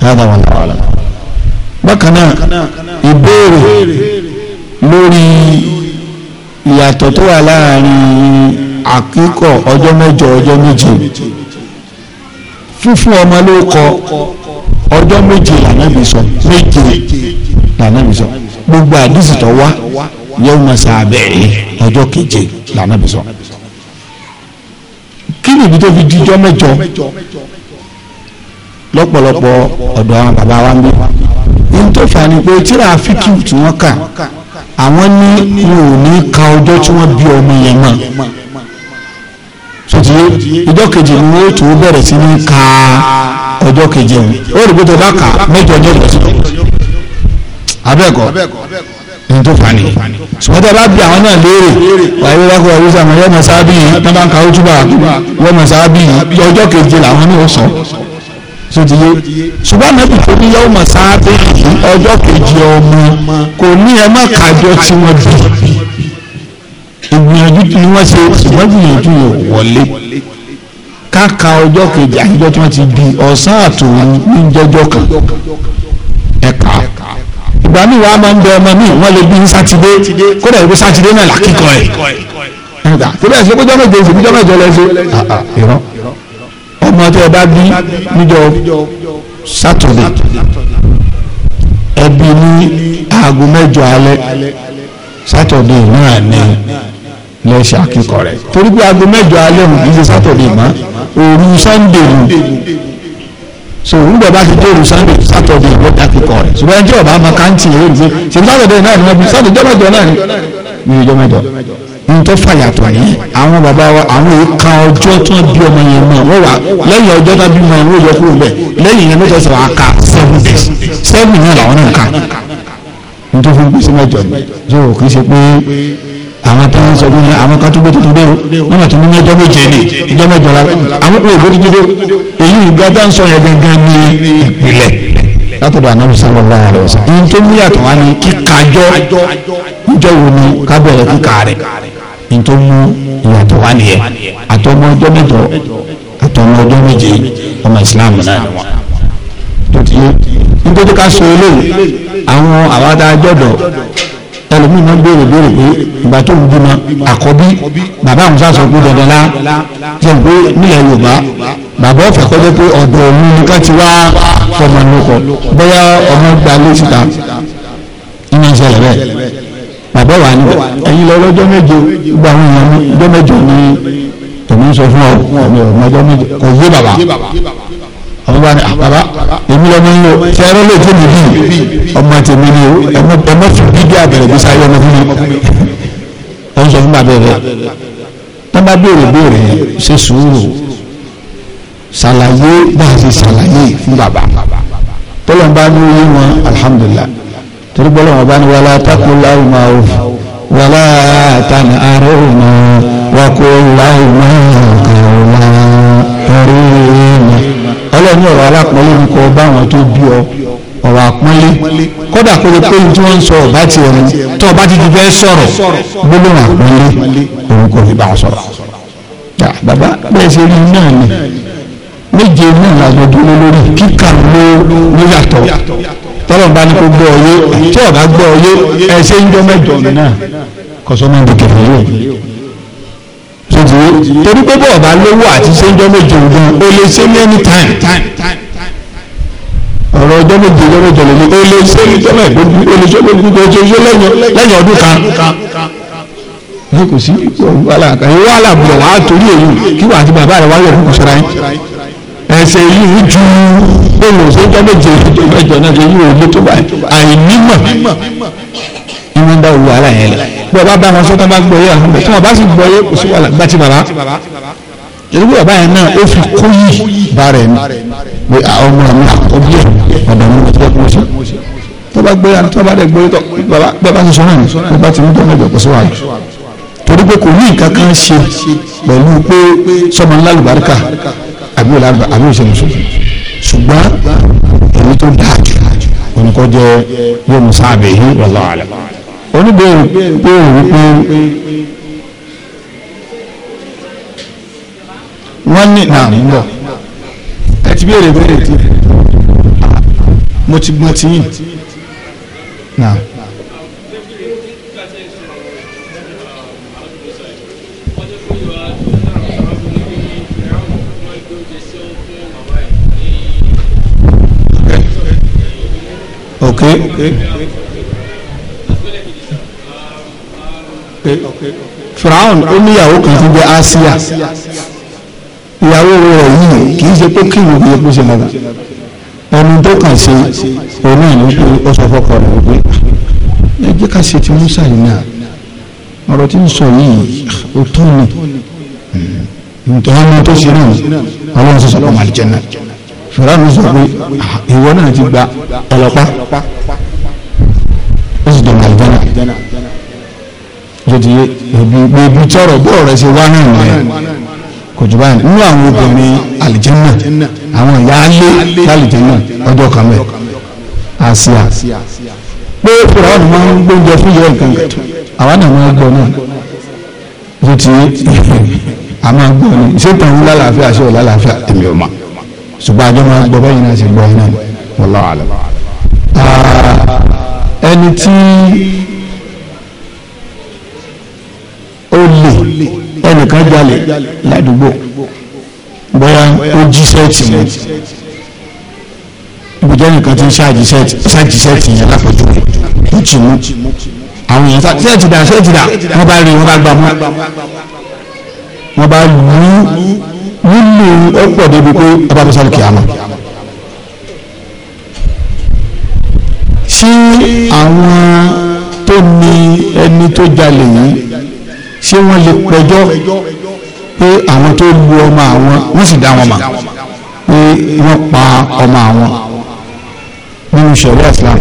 dáadáa wà láwàlá bákan náà ìbéèrè lórí ìyàtọ̀ tó wà láàrin àkíkọ̀ ọjọ́ mẹ́jọ ọjọ́ méje fífún ọmọ ló kọ ọjọ́ méje lànàbì sọ méje lànàbì sọ gbogbo àdìsí tó wá yóò máa ṣàbẹ̀rẹ̀ ọjọ́ keje lànàbì sọ kí nìbí tó fi dijọ́ mẹ́jọ lọ́pọ̀lọpọ̀ ọ̀dọ̀ àwọn bàbá wa ń bí ní tó fà ní pé tíra fíkì tí wọ́n kà àwọn ní wọn ò ní ka ọjọ́ tí wọ́n bí ọmọ yẹn mọ́ sọtí ọjọ́ keje ni wọ́n tó bẹ̀rẹ̀ sí ní ka ọjọ́ keje wọn ó rí bótó bá kà mẹ́jọ ọjọ́ lọ́sọ̀ abẹ́ẹ̀kọ́ ní tó fà ní ṣùgbọ́n tí a bá bí àwọn náà léèrè wàyí wákò wáyé sàmọ́ yọ́mọ̀ sáábì yìí wọ́n bá ń ka ó túbà wọ́mọ̀ yìí ọjọ́ keje làwọn náà sọ sotí yé ṣùgbọ́n nàbì tó ní yẹ́wò mọ̀ sáábẹ́ yìí ọjọ́ kejì ọmọ kò ní ẹ má kájọ tí wọ́n bì ìgbìyànjú ni wọ́n ṣe ṣùgbọ́n ìgbìyànjú yóò wọlé káka ọjọ́ kejì àtijọ́ tí wọ́n ti bí ọ̀sán àtòru ní jọjọ́ kan ẹ̀ka ìgbà míì wàá máa ń bẹ ọmọ míì wọ́n lè bí sátidé kódà ìgbé sátidé náà làkíkọ ẹ̀ ẹ̀ka tó bẹ́ẹ̀ ṣe kójọ́ mẹ́jọ ìṣèkójọ́ mẹ́jọ lẹ́sẹ̀ ìrọ́ ọmọ tẹ́ ẹ bá bí níjọ́ sátọ̀dẹ̀ ẹbí ní aago mẹ́jọ alẹ́ sátọ̀dẹ̀ náà ní lẹ́sẹ̀ akíkọ̀ rẹ̀ torí pé aago mẹ́jọ alẹ́ òun kì ṣe sátọ̀dẹ̀ mọ́ òru sànńdẹ̀ nù so nígbà bá ti dóòrù sànńdẹ̀ sátọ̀dẹ̀ ló dá kíkọ̀ rẹ̀ ṣùgbọ́n ẹjọ́ ọba àmọ́ káńtì èrè ṣe sátọ̀dẹ̀ náà ni wọ́n bí sátọ̀dẹ̀ jọ́mẹ́jọ náà ni ìjọ́mẹ́jọ nítorí fàyàtọ̀ ní àwọn bàbá wa àwọn ìka ọjọ́ tó ń bí ọmọ yẹn náà wọ́n wà lẹ́yìn ọjọ́ tó ń bí ọmọ yẹn wọ́n yọ kúrò bẹ́ẹ̀ lẹ́yìn yẹn mẹ́jọ sọ̀rọ̀ àka seven days seven yẹn làwọn náà ka nítorí fún gbèsè mẹ́jọ ni yóò kì í ṣe pé àwọn tó ń sọ fún yẹn àwọn kan tó gbé tuntun dérò wọn bá tún ní ọjọ́ méje ni ọjọ́ mẹ́jọ la àwọn kò gbé tuntun dérò èyí ìgbà tá ń sọ yẹn gangan ní ìpìlẹ̀ látọ̀dọ̀ ànábì sallallahu alaihi wasallam ní tó ní yàtọ̀ wá ní kíkàjọ́ ìjọ wo ni ká bẹ̀rẹ̀ kíkà rẹ̀ nítorí mú ìyàtọ̀ wá nìyẹn àtọmọ ọjọ́ mẹ́jọ àtọmọ ọjọ́ méje ọmọ Islam náà ni wọn. nítorí ká sọ eléyìí àwọn àwàdà àjọ̀dọ̀ ẹlòmíì máa ń béèrè béèrè pé ìgbà tó ń bímọ àkọ́bí bàbá àwọn sàṣọ pé dandan la jẹ́ pé nílẹ̀ Yorùbá bàbá ọ̀fẹ́ kọ́jọ́ pé ọ̀dọ̀ òun ni ká ti wá fọmọ lóko bóyá ọmọ gba lóṣìta ìmọ̀ ìṣẹ̀lẹ̀ bẹ́ẹ̀ bàbá wa ni ẹ̀yin lọ lọ́jọ́ méje gbogbo àwọn èèyàn ní ọjọ́ méje ní èmi ń sọ fún ọ ọmọ ọjọ́ méje kò yé bàbá àwọn bá ní ah, àbábá èmi lọmọ yín o tí ẹrọ lè tó mi bí ọmọ tèmi ni o ẹmọ ẹmọ fi bíbí àbẹ̀rẹ̀ bí sáyé ọmọ fún mi ẹ ń sọ fún bàbá rẹ tó bá béèrè béèrè ṣe sùúrù ṣàlàyé bá a ṣe ṣàlàyé fún bàbá tọ́lọ́mbà ní oyé wọn alihamudulilayi torí gbọ́dọ̀ wọn bá ní wàlá tákù láì máa wò wàlá àtàní àárẹ̀ òun wà kó láì máa kàwọ́lá torí ìmọ̀ ọlọ́ni ọ̀rọ̀ alápọ̀lẹ́ ní kò bá wọn tó bí ọ ọ̀rọ̀ àpọ́nlé kódà kó lè pé ohun tí wọ́n ń sọ ọ̀bá ti ẹ̀rù tó ọba ti ti fẹ́ sọ̀rọ̀ gbólóhùn àpọ́nlé òun kò fi bá wọn sọ̀rọ̀ bàbá bẹ́ẹ̀ ṣe rí náà ni méje náà làjọ dúró lórí kíkà ló ló yàtọ̀ tọ́lọ́n bá ní kó gbọ́ ọyé tí ọ̀gá gbọ́ ọyé ẹ ṣe ń jọ mẹ́jọ náà kọ́sọ́ máa ń di kẹfẹ́ yìí ṣùgbọ́n torí pé bọ́ọ̀ bá lówó àti ṣe ń jọ mẹ́jọ gan o lè ṣe ní any time ọ̀rọ̀ ọjọ́ méje ọjọ́ méje lè ní o lè ṣe ní jọ́mọ̀ ìgbógun o lè ṣe lógun tó ṣe ṣe lẹ́yìn ọdún kan ní kò sí wàhálà kan ìwọ àlàbùrọ̀ wàá torí èyí kí wàá ti bàbá rẹ̀ wáyọ̀ fún kọ̀ṣẹ́ra yín èèyàn ṣe yìí ju bóòlù sójọ́ méje ìjọ mẹ́jọ náà ṣe yìí ò lé tó báyìí àìnímọ̀ ìwé ń dá owó ara yẹn lọ bí ọba bá wọn sọ́tàn bá gbọ́ yé àwọn ọmọ tí wọn bá sì gbọ́ yé kò sí wàhálà gbàtí bàbá ìdúgbò bàbá yẹn náà ó fi kó yìí bá rẹ̀ mi pé àwọn ọmọ mi òbí ẹ̀ ọ̀dọ̀ mi ò tẹ́ kó sí tó bá gbé yàrá tó bá dẹ̀ gbé tọ́ bàbá bàbá ti sọ náà ní bá ti mú tó mẹ́jọ kò sí wàhálà torí pé kò ní nǹkan kan ṣe pẹ̀lú pé sọmọ ńlá lùbáríkà àbí òlà àbí òṣè mùsùlùmí ṣùgbọ́n èyí tó dáa jù oníkọ́ jẹ́ yóò mú sáàbì yìí wallahu alam oníbèrè pé òun pé wọ́n ní náà ń bọ̀ ẹ ti béèrè béèrè tí mo ti gbọ́n tí yìí náà. okay. firaun ó níyàwó kan tó jẹ́ asia ìyàwó rẹ̀ yìí kì í ṣe pé kí ìlú yẹ kó ṣe lára ẹni tó kàn ṣe òun náà ní pé ó sọ fọ́kọ rẹ̀ wípé ẹ jẹ́ ká ṣe ti musa yìí náà ọ̀rọ̀ tí ń sọ yìí ó tó ni ìtọ́ni hmm. tó ṣe náà ọlọ́run sọ sọ pé ọmọ àlìjẹ náà fìràánù sọ pé ìwọ náà ti gba ọlọ́pàá ó sì dọ̀nà àlùjánà lóde ebi ebi tọrọ bọ́ọ̀ rẹ ṣe wá náà nìyẹn kò jù báyìí nínú àwọn obìnrin àlìjánà àwọn ìyá alé lálìjánà ọjọ́ kan bẹ́ẹ̀ àṣìá pé fìràánù máa ń gbóúnjẹ fún yẹn nǹkan kan àwa náà máa ń gbọ́ náà lóde a máa ń gbọ́ ni ṣé tàn ń lálàáfíà ṣé ò lálàáfíà èmi ò máa ṣùgbọ́n àjọ máa gbọ́ bẹ́yìn náà sì gbọ́ yín náà wallahu alam. Ah, ẹni tí ó lè ẹnìkan jalè ládùúgbò bóyá ó jí sẹ́ẹ̀tì mọ́ ibùdó ẹnìkan tí ń ṣáàjì sẹ́ẹ̀tì yẹn lápẹ̀jù ó ti mú àwọn èèyàn sá sẹ́ẹ̀tì dà sẹ́ẹ̀tì dà wọ́n bá rí wọ́n bá gbà mọ́ wọ́n bá lù ú nílò ọ̀pọ̀ débi pé abáfẹ́sọ́lù kìámà ṣé àwọn tó ní ẹni tó jalè yìí ṣé wọ́n lè pẹjọ́ pé àwọn tó lu ọmọ àwọn wọ́n sì dá wọn mà pé wọ́n pa ọmọ àwọn nínú ṣẹ̀rí islam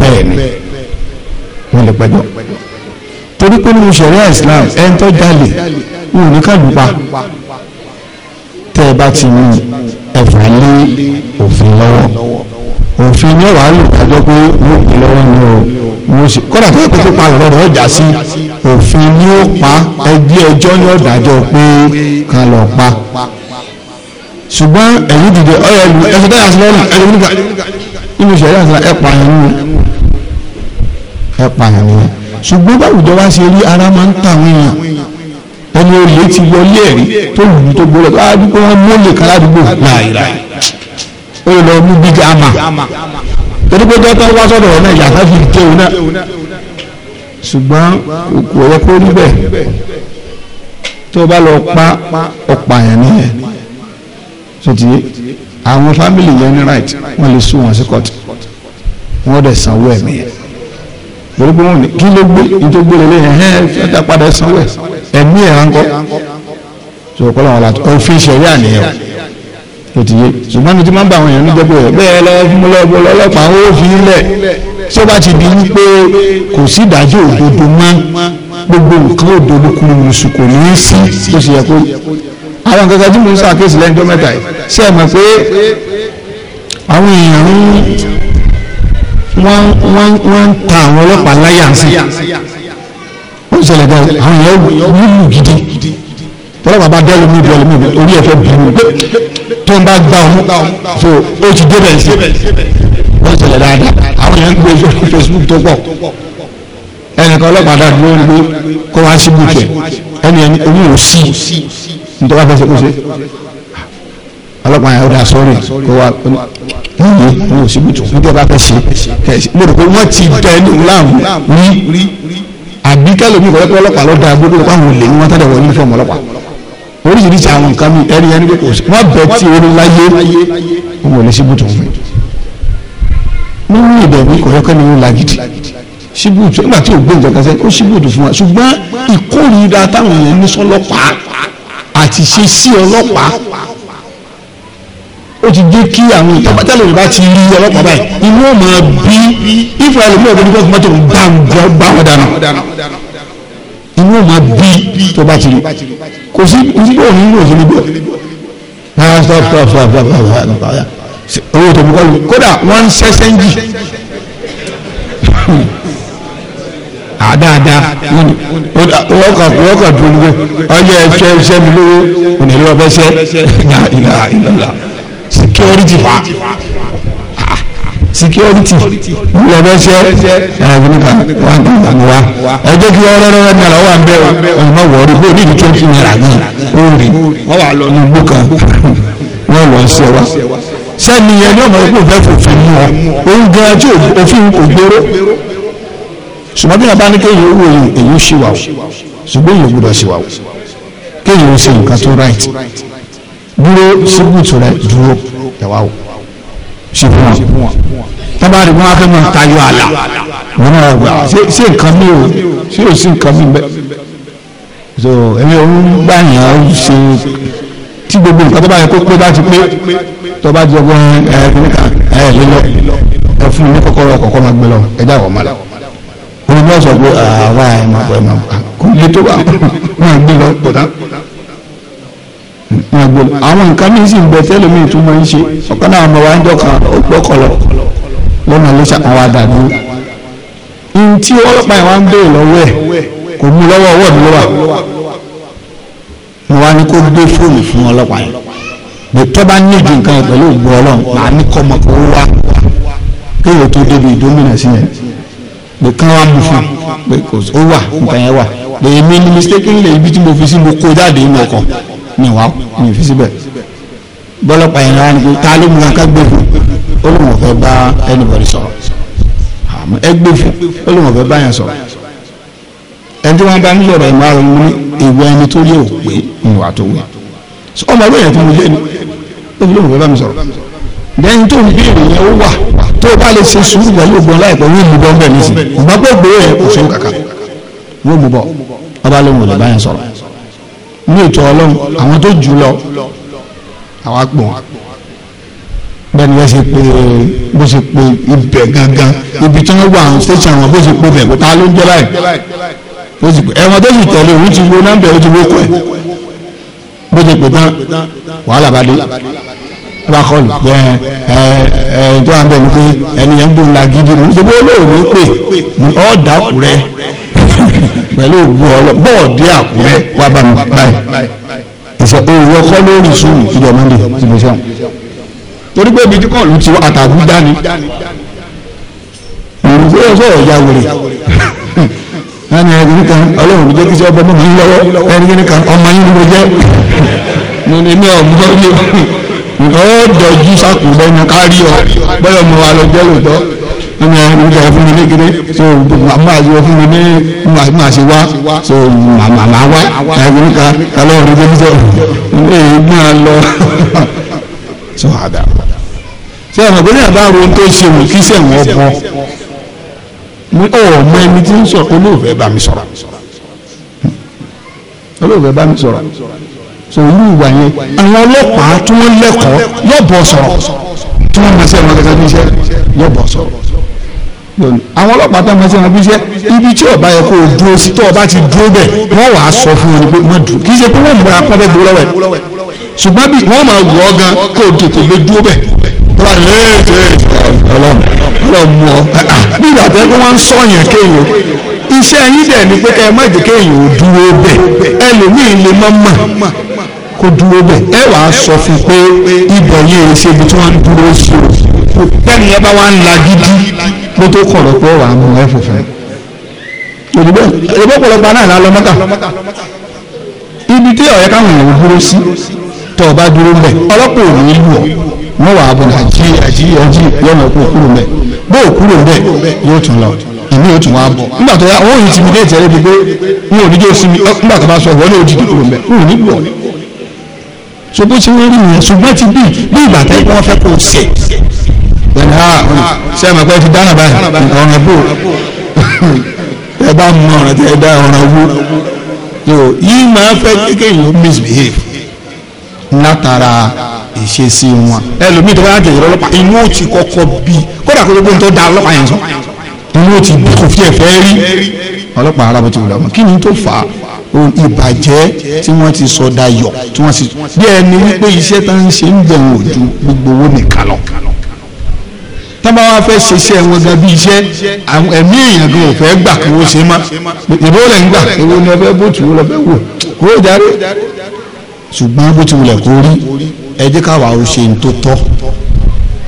bẹ́ẹ̀ ni wọ́n lè pẹjọ́ torí pé nínú ṣẹ̀rí islam ẹni tó jalè wọn ò ní ká lù pa tẹ́ ẹ bá ti mú ẹ̀fà lé òfin lọ́wọ́ òfin ní wàá lò kájọ pé wọ́n pè lọ́wọ́ ni o wọ́n sì kọ́dà tó kó pípa ọ̀rọ̀ rẹ̀ ọjà sí òfin ni ó pa ẹgbẹ́ ẹjọ́ ní ọ̀dàjọ́ pé kan lọ pa ṣùgbọ́n ẹ̀yìn dìde ọ̀yọ́ ẹ̀lú ẹ̀fọ́ dáyà sí lọ́rùn ẹ̀lú nígbà nínú ìṣẹ̀lẹ̀ àti ẹ̀pà yẹn nínú ẹ̀pà yẹn ṣùgbọ́n báwùjọ wá ṣe rí ara máa ń tàwọn èèyàn ẹni olè ti wọlé ẹ̀rí tó wù ú tó gbọ́dọ̀ tó àdúgbò wọn mú olè kan ládùúgbò láìra ó lè lọ mú bíjà àmà torí pé dọ́tà wá sọ̀rọ̀ ọ̀nà ìyàtọ̀ fi dé òun náà ṣùgbọ́n òkú ọ̀rọ̀ kó rí bẹ́ẹ̀ tó bá lọ pa ọ̀pá yẹn nìyẹn sọtí àwọn fámìlì yẹn ní right wọ́n lè sún wọn sí kọ́ọ̀tù wọ́n dẹ̀ sanwó ẹ̀mí yẹn torí pé wọ́n ní kí ló gbé ní tó gbé lélẹ́yìn ẹ̀hẹ́n fẹ́ẹ́ dá padà sanwó ẹ̀sán ẹ̀mí ẹ̀ ránkọ́ so kọ́lá wọn láti òfin ṣẹ̀rí àníyàn tó ti yé ṣùgbọ́n ní ti máa ń bá àwọn èèyàn níjẹ́ pé bẹ́ẹ̀ lọ́wọ́ ọlọ́pàá ó fi ń lẹ̀ ṣé bá ti di wípé kò sí ìdájọ́ òdodo mọ́ gbogbo nǹkan òdodo kúrò lùsù kò ní í sí bó ṣe yẹ kó àwọn nǹkan kan tí mo ń ṣàkíyèsí lẹ́yìn tó mẹ́ta yìí ṣé ẹ mọ̀ pé àwọn èèyàn ń wọ́n ń ta àwọn ọlọ́pàá láyà sí i ṣẹlẹ̀ gan àwọn èèyàn nílù gidi tọ́lá bàbá dẹ́lu mi bẹ́ẹ̀ mi orí ẹ̀fẹ́ bìrù pé tó ń bá gbà ọ́n fò ó ti débẹ̀ sí ó ṣẹlẹ̀ dáadáa àwọn èèyàn ń gbé Facebook tó pọ̀ ẹnìkan ọlọ́pàá dáadáa ló ń gbé kó wá sí bùkẹ́ ẹni ẹni omi ò sí nítorí wàá fẹsẹ̀ kó ṣe ọlọ́pàá yẹn ó dáa sọ́ọ̀rì kó wá níbi omi ò sí bùtù nítorí wàá fẹsẹ̀ kẹ̀sì mo pé wọ́n ti dẹ́ ẹni àbí kẹlòmí kọ́ lẹ́pẹ́ ọlọ́pàá lọ́dà gbogbo lọ́pàá àwọn olè ní wọ́n tẹ́lẹ̀ wọ uniform ọlọ́pàá oríṣiríṣi àwọn nǹkan mi ẹni ẹni pé kò sí wọ́n bẹ̀ tí orí láyé òun ò lè ṣíbùtù fún mi nínú ìbẹ̀wò kò yẹ kẹ́ni wọn lagidi ṣíbùtù nígbà tí ò gbé nǹkan kan sẹ́ ó ṣíbùtù fún wa ṣùgbọ́n ìkórìíra táwọn èèyàn ní sọ́lọ́pàá àti ṣe sí ọlọ́pàá ó ti jẹ́ kí àwọn ìjọba tẹ́lẹ̀ ìbá ti rí ọlọ́pàá báyìí inú ò bí ìfọ̀ ẹlòmíràn tó ní bọ́ọ̀tì mọ́tò bá wọn dáná inú ò bí tó bá ti rí kò sí ìdíbò ní ìlú òfin níbẹ̀ ah, owó tó bukọ́ lu kódà wọ́n ń ṣẹ́ṣẹ́ ń jì àdáadáa ah, wọ́n kà wọ́n kà dùn ní pé ọjọ́ mi lówó òní ṣẹ́ ìlà ìlà ìlà security fa security lọ́dọ̀ ṣe ẹ̀ẹ́dínlẹ́ka one thousand wa ẹjọ́ kí ọ̀rọ̀ rẹ̀ náírà wà ń bẹ ọ̀nà wọ̀ọ́rí kó ní ìdí twenty naira gan orí wọ́n wà lọ ní igbó kan wọ́n lọ sí ẹ wa sẹ́ni yẹn ní ọmọ ìpò fẹ́ fòfin mú ọ oúnjẹ tí òfin kò gbóró ṣùgbọ́n bí wọ́n bá ní kéèyàn owó èyí ṣìwà ṣùgbọ́n èyí ò gbọ́dọ̀ ṣìwà kéèyàn ó ṣe nǹkan tó right dúró síbùtù rẹ dúró ẹwà o ṣe fún wa tábà rí wọn afẹ́ mọ̀ tayọ àlà wọn náà gbà ṣé nǹkan mi o ṣé o sí nǹkan mi bẹ so èmi ò ń gbàyàn ó ṣe tí gbogbo nǹkan tó bá yẹ kó pé bá ti pé tó bá jọ gbọ́n ẹ ẹ níta ẹ ẹ fún mi ní kọ́kọ́rọ́ kọ́kọ́ máa gbé lọ ẹ já wọ́n máa lọ olùdókòwò sọ pé àwa ah, ẹ máa bọ̀ ẹ máa bọ̀ kò lè tó bá wọn gbé lọ pọ̀ tán àwọn nǹkan mi sì ń bẹ tẹ́lẹ̀ mi tún máa ń ṣe ọ̀kan náà ọmọ wa ń jọkàn ó gbọ́kọ̀lọ̀ lọ́nà ló ṣàkàwà dàbí n tí ọlọ́pàá yẹn wá ń béèrè lọ́wọ́ ẹ̀ kò mú lọ́wọ́ ọwọ́ mi lọ́wọ́ mo wá ní kó gbé fóònù fún ọlọ́pàá yẹn tó bá níbi nǹkan yẹn pẹ̀lú ògbó ọlọ́run màá ní kọ́ ọmọ kó wá kéèyàn tó débi ìdómìnà sí yẹn pé kán wá mú fún pé ó wà nǹkan yẹn wà èmi ni mistakenly ibi tí mo fi sí mo kó jáde nínú ọkọ̀ mi wá mi fi síbẹ̀ bọ́lọ́pàá yẹn wá ní pé ta ló mú ká gbé fún olùmọ̀ fẹ́ bá anybody sọ̀rọ̀ ẹ gbé fún olùmọ̀ fẹ́ bá yẹn sọ̀rọ̀ ẹni tí wọ́n bá ń lọ̀rọ̀ ìmọ̀ àwọn ọmọ ìwé ẹni tó yẹ òpè ìwà tó wẹ̀ ọmọ ìwé yẹn tó mú lé ní olùmọ̀ fẹ́ bá mi sọ̀rọ̀ lẹ́yìn tó ń béèrè yẹn ó wà tó bá lè ṣe sùúrù pẹ̀lú ògbọ́n láìpẹ́ wọ́n mú bọ́ ń bẹ̀ nísìnyí ìgbàgbọ́ gbòòrò yẹn kò sówó kàkà wọ́n mú bọ́ ọba lóhùn ò lè bá sọ̀rọ̀ ní ètò ọlọ́run àwọn tó jù lọ àwọn àpò wọn bẹ́ẹ̀ ni wọ́n ṣe pé bó ṣe pé ibẹ̀ gangan ibi tí wọ́n wà àwọn ṣẹ́ṣẹ́ àwọn bó ṣe pé bẹ̀ pé ta ló ń jẹ́ báyìí bó tó sì tẹ̀lé òun ti wo nọ́mbẹ̀ ó ti wo kọ́ ẹ̀ bó ṣe pé tán wàhálà bá dé bá kọlù ẹ ẹ ẹ tó à ń bẹ̀ ni pé ẹnìyẹn ń bò ń la gidi mo ṣe pé olóòrùn pè ọ́ dàkú rẹ pẹ̀lú ògùn ọlọ bọ́ọ̀dì àkúrẹ́ wà bá mi báyìí ìfọ̀ òwú ọkọ lórí sùn ìjọ mọ́ndé ìmọ̀ṣẹ́ wọn. torí pé ibi tí kò lù ti wá àtàkùn dání òrùkú yóò sọ̀rọ̀ ya wèrè láti ẹni kìíní kan ọlọ́run jẹ́ kí sọ ọba mọ́mọ́ yín lọ́wọ́ ẹni kìíní kan ọmọ yín ló jẹ́ mo ní mi ọmọ yín nǹkan dọ̀jú sákùn bẹ́ẹ̀ ni ká rí ọ bọ́yọ̀ mo wà lọ jẹ́ lóòótọ́ nínú oúnjẹ fún mi ní kíní so màmá yọ fún mi ní màá ṣe wá so màmá wá ẹgbẹ́ ká kálọ̀ ọ̀rẹ́ jẹ́ sọ ee máa lọ so àdá ṣé àwọn àgbẹ̀rẹ̀ àbá ro tó ṣe wò kí sẹ̀wọ̀n ọkọ ní ọ̀ọ́mọ ẹni tí ń sọ olóòfẹ́ bá mi sọ̀rọ̀ olóòfẹ́ bá mi sọ̀rọ̀ sòwúrú ìwà yẹn àwọn ọlọ́pàá tí wọ́n lẹ́kọ̀ọ́ yọ̀bọ̀ sọ̀rọ̀ tí wọ́n mọ̀ sí ẹ̀rọ gẹ́gẹ́ bí iṣẹ́ yọ̀bọ̀ sọ̀rọ̀ lónìí àwọn ọlọ́pàá tó máa ń sẹ́wọ̀n bíṣẹ́ ibi tí ọba yẹ kó o dúró sí tó ọba ti dúró bẹ̀ wọ́n wàá sọ fún wọn pé wọ́n dúró kì í ṣe pé wọ́n mú akọ́ bẹ́ẹ̀ dúró lọ́wọ́ ẹ̀ ṣùgbọ́n bí wọ́n máa wọ̀ ọ́ gan kó o tètè lè dúró bẹ̀ wọ́n á lè ṣe ọlọ́run ọlọ́run mú ọ nígbà ah, ah. tó yẹ kó wọ́n ń sọ yẹn kéèyàn iṣẹ́ yín dẹ̀ ni pé ẹ má jẹ́ kéèyàn ò dúró bẹ̀ ẹlòmíì lè ló tó kọ̀rọ̀ pé wàá mú ẹ fòfin òdìbò ọ̀pọ̀lọpọ̀ náà lọ ibi tí ọ̀yẹ́ káwọn èèyàn dúró sí tọ́ ọba dúró mbẹ ọlọ́pàá ò ní lù ọ́ wà á bọ̀ nàìjíríà nàìjíríà nàìjíríà yọ̀nà kó kúrò mbẹ bó o kúrò yóò tún lọ èmi yóò tún wá yìí ti mi dé pé ò bá sọ dìde kúrò ẹni ha ṣe àmọ́ pé fi dáná báyìí ọ̀ràn bò ẹ bá mọ ọ̀ràn tí ẹ dá ọ̀ràn wú yóò yìí máa fẹ́ kékeré misbehave látara ìṣesí wọn ẹlòmíì tó bá yà jẹjẹrẹ ọlọ́pàá inú ó ti kọ́kọ́ bí kódà kó gbogbo nítorí da ọlọ́pàá yẹn sọ inú ó ti bí kò fi ẹ̀fẹ́ rí ọlọ́pàá arábọ̀ ti wùdà mọ́ kí ni tó fà á ohun ìbàjẹ́ tí wọ́n ti sọ dayọ̀ tí wọ́n sì bí ẹni wípé iṣẹ́ tá ń ṣe ń bẹ̀rù ojú gbogbo owó nìkan lọ tọ́ba wa fẹ́ ṣiṣẹ́ wọn gan bí iṣẹ́ ẹ̀mí èèyàn gan ò fẹ́ gbà kí wọ́n ṣe má ìbò rẹ̀ ń gbà ewu ni ọbẹ̀ bóòtù wọ́n lọ́bẹ̀ wò kó o jáde ṣùgbọ́n bó ti wulẹ̀ kó rí ẹ jẹ́ káwa ò ṣe tó tọ́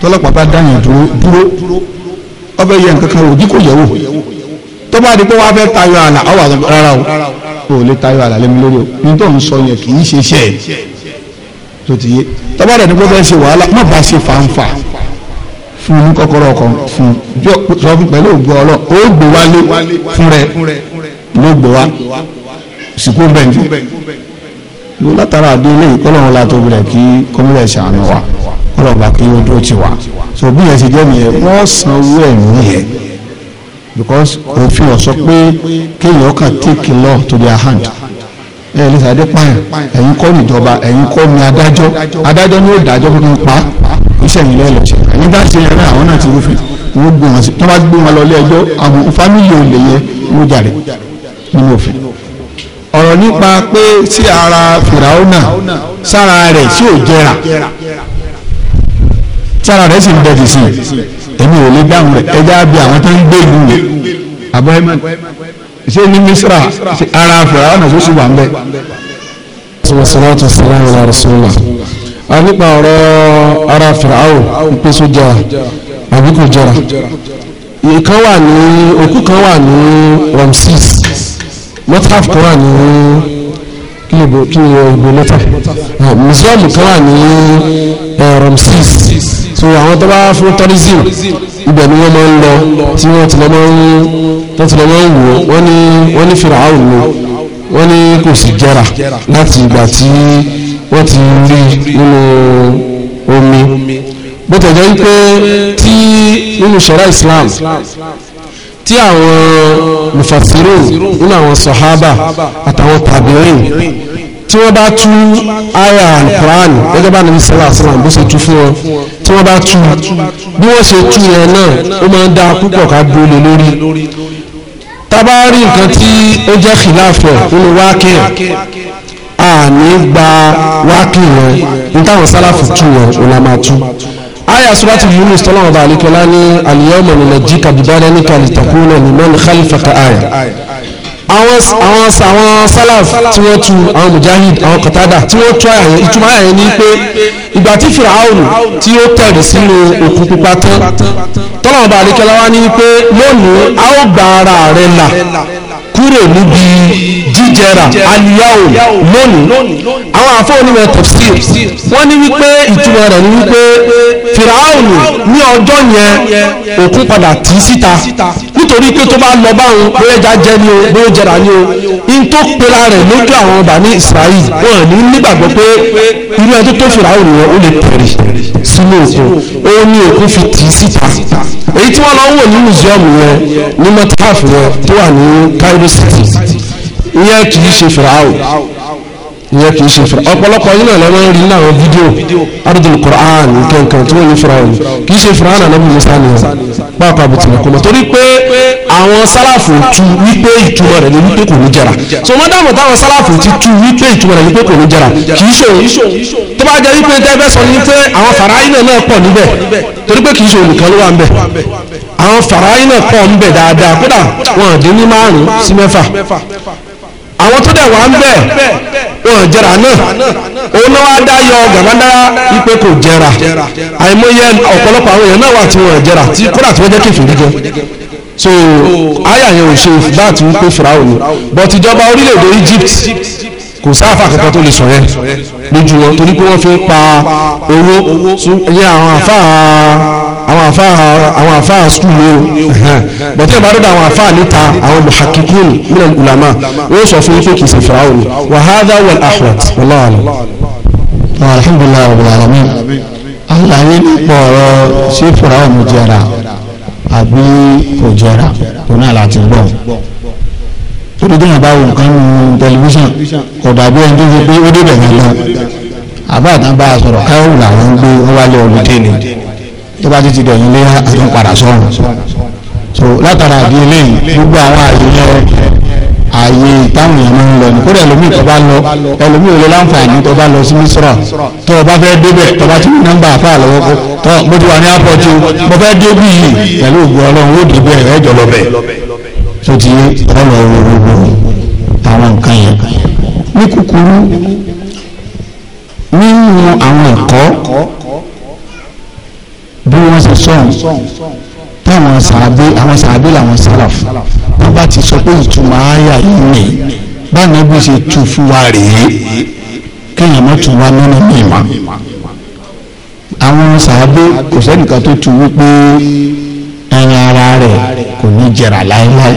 tọ́lọ́pàá bá dáyàn dúró dúró ọbẹ̀ yẹn kankan òdì kò yẹ̀ wò tọ́ba àdìpọ̀ wa fẹ́ tayọ àlà ọwọ́ àti rárá o ò lè tayọ àlà lẹ́mi lórí o nítorí ń sọ yẹn kì í ṣe iṣẹ́ ẹ̀ tó ti yé tọ́ba àdìpọ̀ fẹ́ ṣe wàhálà má bàa ṣe fàǹfà fún un ní kan fún un sọ fún pẹ̀lú ògbó ọlọ́ ó gbé wálé fún rẹ ló gbé wá sìnkú bẹ́ńkì ló látara àdé ilé ìkọlọ́run la tóbi kí kọ́mílẹ̀ ṣàánú wa kọ́lọ́ba kí ó dúró ti wa so bí yẹn ṣe jẹ́ nìyẹn wọ́n sanwó ẹ̀mí yẹn because òfin ọ̀sọ́ pé kéèyàn kan take law to their hand ẹ ẹ lẹ́sàdé pààyàn ẹ̀yin kọ́ ní ìjọba ẹ̀yin kọ́ ní adájọ́ adájọ́ ni ó dájọ́ kó tó ń pa iṣẹ́ yìí lẹ́ẹ̀lọ́ ṣe nígbà tí ẹ̀rẹ́ àwọn náà ti rúfin wọ́n gbé wọn sí wọ́n bá gbé wọn lọ ilé ẹjọ́ àwọn fámìlì ò lè yẹ wọ́n jàre nínú òfin. ọ̀rọ̀ nípa pé sí ara fìràwọ́nà sára rẹ̀ sí ò jẹrà sára rẹ̀ sì ń bẹ̀rẹ̀ sí èmi ò lè dáhùn rẹ̀ ẹjẹ́ àbí àwọn tó ń gbé ìlú rẹ̀ abọ́ẹ́mọ̀ ṣé ní Misra ara fìràwọ́nà tó sì wà ń bẹ̀. sọ̀rọ̀ sọ̀rọ̀ tó sọ̀rọ̀ ìlà rẹ̀ sọ̀rọ̀ a nípa ọ̀rọ̀ ara fìràwò pé sójà àbí kò jọra ìkan wà ní òkú kan wà ní Ramses mọ́tàf kan wà ní kílìbò kílìbò ìbò mọ́tàf eh, museum kan wà ní eh, Ramses so àwọn tó bá fún tourism ibẹ̀ ni wọ́n máa ń lọ tí wọ́n ti lọ máa ń tó ti lọ máa ń wò wọ́n ní wọ́n ní fìràwò ni wọ́n ní kò sì jẹ́ra láti ìgbà tí wọ́n ti rí nínú omi bó tẹ̀jọ́ wípé tí nínú ṣẹ̀rá Islam tí àwọn mufasiru nínú àwọn sahaba àtàwọn tabirin tí wọ́n bá tú aya al-Qur'an gẹ́gẹ́ bá nàbí sọ́lá sọ́lám bó ṣe tú fún wọn tí wọ́n bá tú bí wọ́n ṣe tú yẹn náà ó máa ń dá púpọ̀ ká dúró lórí tábà nǹkan tí ó jẹ́ khilafẹ̀ nínú wákìá a ní gba wákì rẹ ní táwọn sálàfù tù rẹ òlàmà tù aya surati yunus tọ́lọ́wọ́n bá alikẹ́lá ní aliyọ́mọ̀ nílẹ̀ jí kàbíbálẹ́ ní kàlìtàkùn ní mẹ́rin khalifaka aya àwọn àwọn àwọn salaf tí wọ́n tu àwọn mujahid àwọn katada tí wọ́n try àyẹ̀ ìtumọ̀ àyẹ̀ ni pé ìgbà tí firaun tí ó tẹ̀lé sínú òkú pupa tán tọ́lọ́mọba àdékẹ́lá wá ní pé lónìí a ó gba ara rẹ̀ là kúrò níbi jíjẹrà aliyahu lónìí àwọn àfọwọ́nìwẹ̀ tafsir wọ́n ní wípé ìtumọ̀ rẹ̀ ní wípé fìràáhùn ní ọjọ́ yẹn òkun padà tì í síta nítorí pé tó bá lọ báwọn bóyá ẹja ni o bóyá jẹrà ni o in tó pera rẹ̀ lójú àwọn ọba ní Israel wọn ní nígbàgbọ́ pé irú ẹjọ́ tó fìràáhùn yẹn ó lè tẹ̀rì sínú òkun ó ní òkun fi tì í síta èyí tí wọ́n lọ ń wò ní museum yẹn ní mọ́tàfù yẹn tó wà ní Cairo city ìyẹn kì í ṣe fìràwò ìyẹn kì í ṣe fìràwò ọ̀pọ̀lọpọ̀ yìí náà lọ́wọ́ ń rí láwọn fídíò ardul Qur'an nkankan tí wọ́n ní fìràwò ni kì í ṣe fìràwò náà lọ́wọ́ musa ni wọn pàápàá bùtùmí kò mọ̀ torí pé àwọn sálàfù tu wípé ìtumọ̀ rẹ̀ ni wípé kò ní jẹrà so wọ́n dáàbò táwọn sálàfù ti tu wípé ìtumọ̀ rẹ̀ ni wípé kò ní jẹrà kì í ṣòwò tó bá jẹ́ wípé tẹ́ fẹ́ sọ ni wípé àwọn fàráyínà náà pọ̀ níbẹ̀ torí pé kì í ṣòwò nìkan ló wà ń bẹ̀ àwọn fàráyínà pọ̀ ń bẹ̀ dáadáa kódà wọn àdín ní márùn-ún sí mẹ́fà àwọn tó dẹ̀ wá ń bẹ̀ wọn jẹrà náà òun náà wá dá yọ gàmádárá ipe kò jẹrà àìmọye ọ̀pọ̀lọpọ̀ àwọn èèyàn náà wà tí wọn jẹrà tí kódà tí wọ́n jẹ́ kéfì gígẹ so àyà yẹn ò ṣe láti wípé fìràwọ̀ ni but ìjọba orílẹ̀-èdè Egypt kò sáfà kankan tó lè sọ yẹn lójú wọn torí pé wọ́n fi ń pa owó yẹn àwọn àfáà àwọn àfa àwọn àfa skul o bọ̀tí ẹ̀ bá dọ́dọ̀ àwọn àfa níta àwọn muhakkikin nílẹ̀ ulama wọ́n sọ fún pé kìí ṣe fìràwọ̀ ni wa hadha alhamdulilayi rabbil alamin alaye nípa ọ̀rọ̀ ṣé fìràwọ̀ jẹra àbí kò jẹra tó náà láti gbọ́ torí dé àbá wo nǹkan nu tẹlifíṣàn kò dàbí ẹni tó fi pé ó débẹ̀ yẹn lọ àbá àtàbà sọ̀rọ̀ káyọ̀ làwọn ń gbé wọ́n wálé ọ̀lùdé ni tó bá ti ti dẹ̀yìn lé àtún padà sọ́run so látara àbí eléyìí gbogbo àwọn àyè yẹn àyè táwọn èèyàn máa ń lọ ní kódà ẹlòmíì tó bá lọ ẹlòmíì ò láǹfààní tó bá lọ sí Misra tó o bá fẹ́ débẹ̀ tó bá ti ní nọ́mbà àfa lọ́wọ́ kó tó mo ti wà ní apọ̀jù mo fẹ́ débì yìí pẹ̀lú ògùn ọlọ́run ó dìbẹ̀ ẹ̀ jọ lọ bẹ̀ tó ti ọlọ́ gbogbo àwọn nǹkan yẹn ní kúkúrú nínú àwọn ẹ̀kọ́ bí wọ́n ṣe sọ̀hún táwọn sàábé àwọn sàábé làwọn sálàf wọ́n bá ti sọ pé ìtumọ̀ àyà yìí ni báwọn bí ṣe tu fún wa rèé kéèyàn má tu wa nínú ìmọ̀ àwọn sàábé kò sẹ́nìkan tó tu wípé ẹran ara rẹ̀ kò ní jẹrà láéláé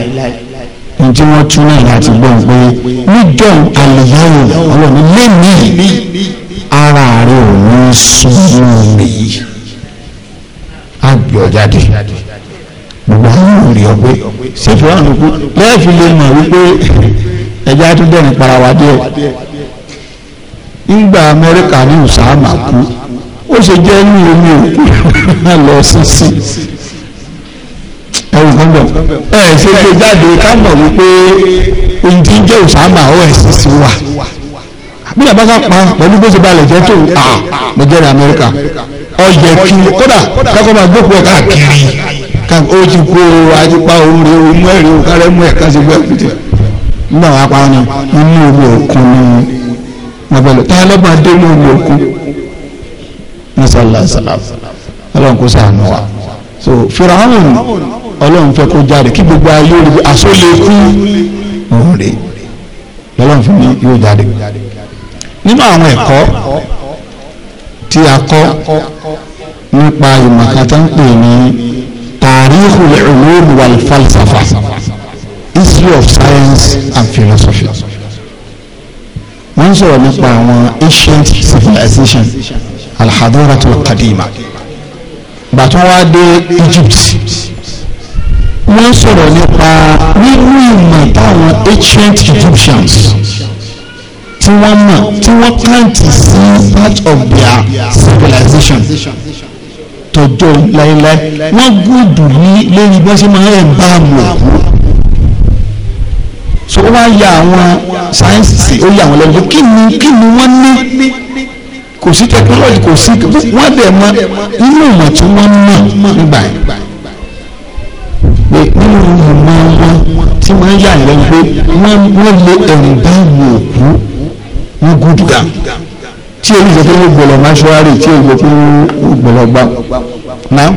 ntí wọ́n tún náà láti gbọ́n pé níjọ́ àlùyáwò ọlọ́run lé mi ara rẹ̀ ò ní sùn mí á gbé ọ jáde gbogbo àwọn ò rí ọ pé ṣètò àwọn òkú lẹ́ẹ̀fì lè mọ̀ wípé ẹja tó dẹ̀rùn para wa díẹ̀ nígbà amẹ́ríkà ní ọ̀sán àkú ó ṣe jẹ́ ní omi òkú lọ sísí ẹ̀rù gbọ́ngàn ẹ̀ ṣe gbé jáde ká mọ̀ wípé ohun tí ń jẹ́ ọ̀sán àwọn ẹ̀sìn sí wa bí àbáṣà pa pẹ̀lú bó ṣe balẹ̀ jẹ́ tó à mo amẹ́ríkà ọyẹ kí kódà kákọ́ máa gbókùn ẹ̀ káàkiri ó ti kó àti pa òun rè ó mú o ó kárẹ́ mú ẹ̀ ká ṣe gbọ́ ẹ̀ kùtì nígbà wàá pa ni inú omi òkun ni magbẹ́lẹ̀ táyà lọ́ba dé ní omi òkun ní sàlàsàlà ọlọ́run kó ṣàánú wa so fìràhàn ọlọ́run fẹ́ kó jáde kí gbogbo ayé rí àsólé kú òun rè lọ́lọ́run fún mi yóò jáde nínú àwọn ẹ̀kọ́ tí a kọ́ nípa ìmọ̀kátà ń pè ní tarikhul ulum wal falsafa history of science and philosophy wọ́n ń sọ̀rọ̀ nípa àwọn ancient civilization alhadaratul qadima bàtún wá dé Egypt wọ́n sọ̀rọ̀ nípa nínú ìmọ̀ táwọn ancient Egyptians tí wọ́n mọ̀ tí wọ́n kàǹtì sí part of their civilization tọjọ́ láíláí wọ́n gùdù lórí bọ́ sí máa ń bá mọ̀ so ó wá ya àwọn sáyẹ́nsì ó ya àwọn lẹ́nu kí ni kí ni wọ́n ní kò sí technology kò sí wọ́n dẹ̀ mọ inú ìmọ̀ tí wọ́n ní nígbà yẹn pé nínú ìmọ̀ wọn tí wọ́n yà yẹn pé wọ́n wọ́n lé ẹ̀rù bá wọn òkú ní gùdù dà tí olùdókòwò gbọlọ máṣúárì tí olùdókòwò gbọlọ gbà Now,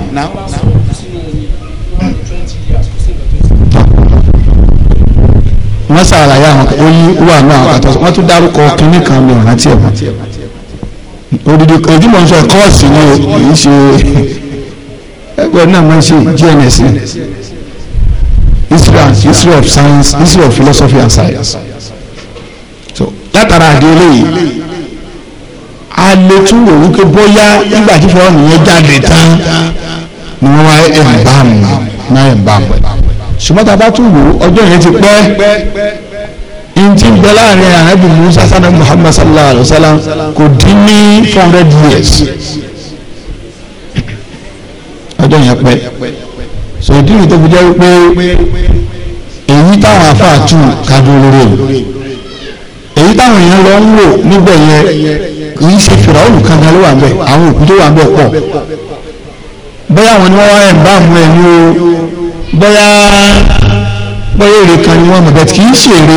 wọ́n ṣàlàyé àwọn kan ó ní wà ní àwọn àtọ́sọ wọ́n tún dárúkọ kínní kan mi ọ̀ràn tiẹ̀ mọ́ odidi ojú mọ̀ n sọ kọ́ọ̀sì ni kì í ṣe ẹgbẹ́ náà máa ń ṣe GNS history of science history of philosophy and science so látara àdéhùn eléyìí lè tún wò wípé bóyá nígbà tí fọ́ọ̀mù yẹn jáde tán ni wọ́n wá ẹ̀ bá mu náà ẹ̀ bá mu ṣùgbọ́n tá a bá tún wò ọjọ́ yẹn ti pẹ́ ntí ń bẹ láàrin arabu musa sanna muhammad sallallahu alaihi wa sallam kò dín ní four hundred years ọjọ́ yẹn pẹ́ so ìdí mi tó fi jẹ́ pé èyí táwọn afáàtú kájú lórí èyí táwọn èèyàn lọ ń wò níbẹ̀ yẹn kì í ṣe fìràwùn kankan ló wà ń bẹ àwọn òkú tó wà ń bẹ pọ̀ bóyá àwọn ni wọ́n wá ẹ̀ ń bá àwọn ẹ̀ ní o bóyá bóyá èrè kan ni wọ́n mọ̀ bẹ́ẹ̀ kì í ṣe èrè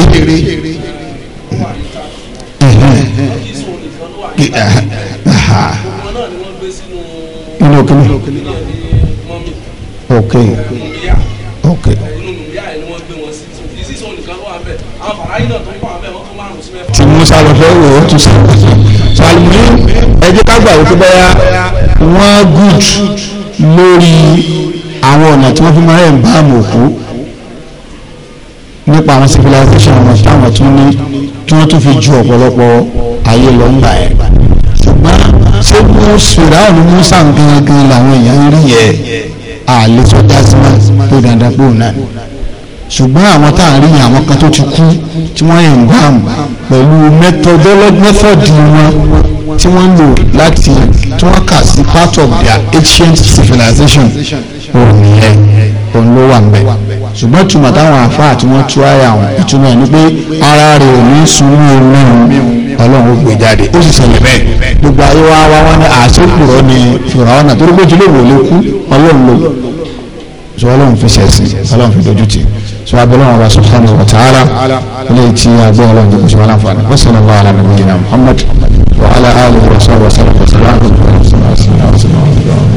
inú kìíní ok ok. ok sálọ fẹ́ wò ó tún sálọ sàlùmí ẹjẹ́ kágbà wípé bẹ́yà wọ́n good lórí àwọn ọ̀nà tí wọ́n fi máa ń bá àmọ̀ òkú nípa àwọn civilization wọn táwọn tún ní tí wọ́n tún fi ju ọ̀pọ̀lọpọ̀ ayé lọ ń bà ẹ́ ṣùgbọ́n ṣé mo ṣèrà ọ̀nà musa gangan làwọn èèyàn ń rí yẹ àlè sọ́jà sí máa tó dandan pé òun náà ṣùgbọ́n àwọn tá à ń rí àwọn kan tó ti kú tí wọ́n yẹn ń bá mu pẹ̀lú mẹ́tọ́dọ́lọ́mẹ́tọ́dì wọn tí wọ́n lò láti tí wọ́n kà sí part of their ancient civilization òun nìyẹn òun ló wà ń bẹ̀ ṣùgbọ́n ìtumọ̀ táwọn àáfàá tí wọ́n tú àyà wọn ìtumọ̀ ni pé ara rẹ̀ ò ní sunú omi ọlọ́run ó gbé jáde ó sì ṣẹlẹ̀ bẹ́ẹ̀ gbogbo ayé wa wá wọn ní àṣepùrọ̀ ni fìràwọ́nà torí pé ojúlówó ló kú ọlọ́run ló sọ ọlọ́run fi ṣẹ̀ sí ọlọ́run fi dojú tì í. sọ abẹ́lẹ́ wọn bá subhanahu wa ta'ala léyìí tí a gbọ́ ọlọ́run ní oṣù aláǹfààní wa sallallahu ala nabiyyina muhammad wa ala alihi wa sahbihi wa sallam wa sallam wa sallam wa sallam wa sallam.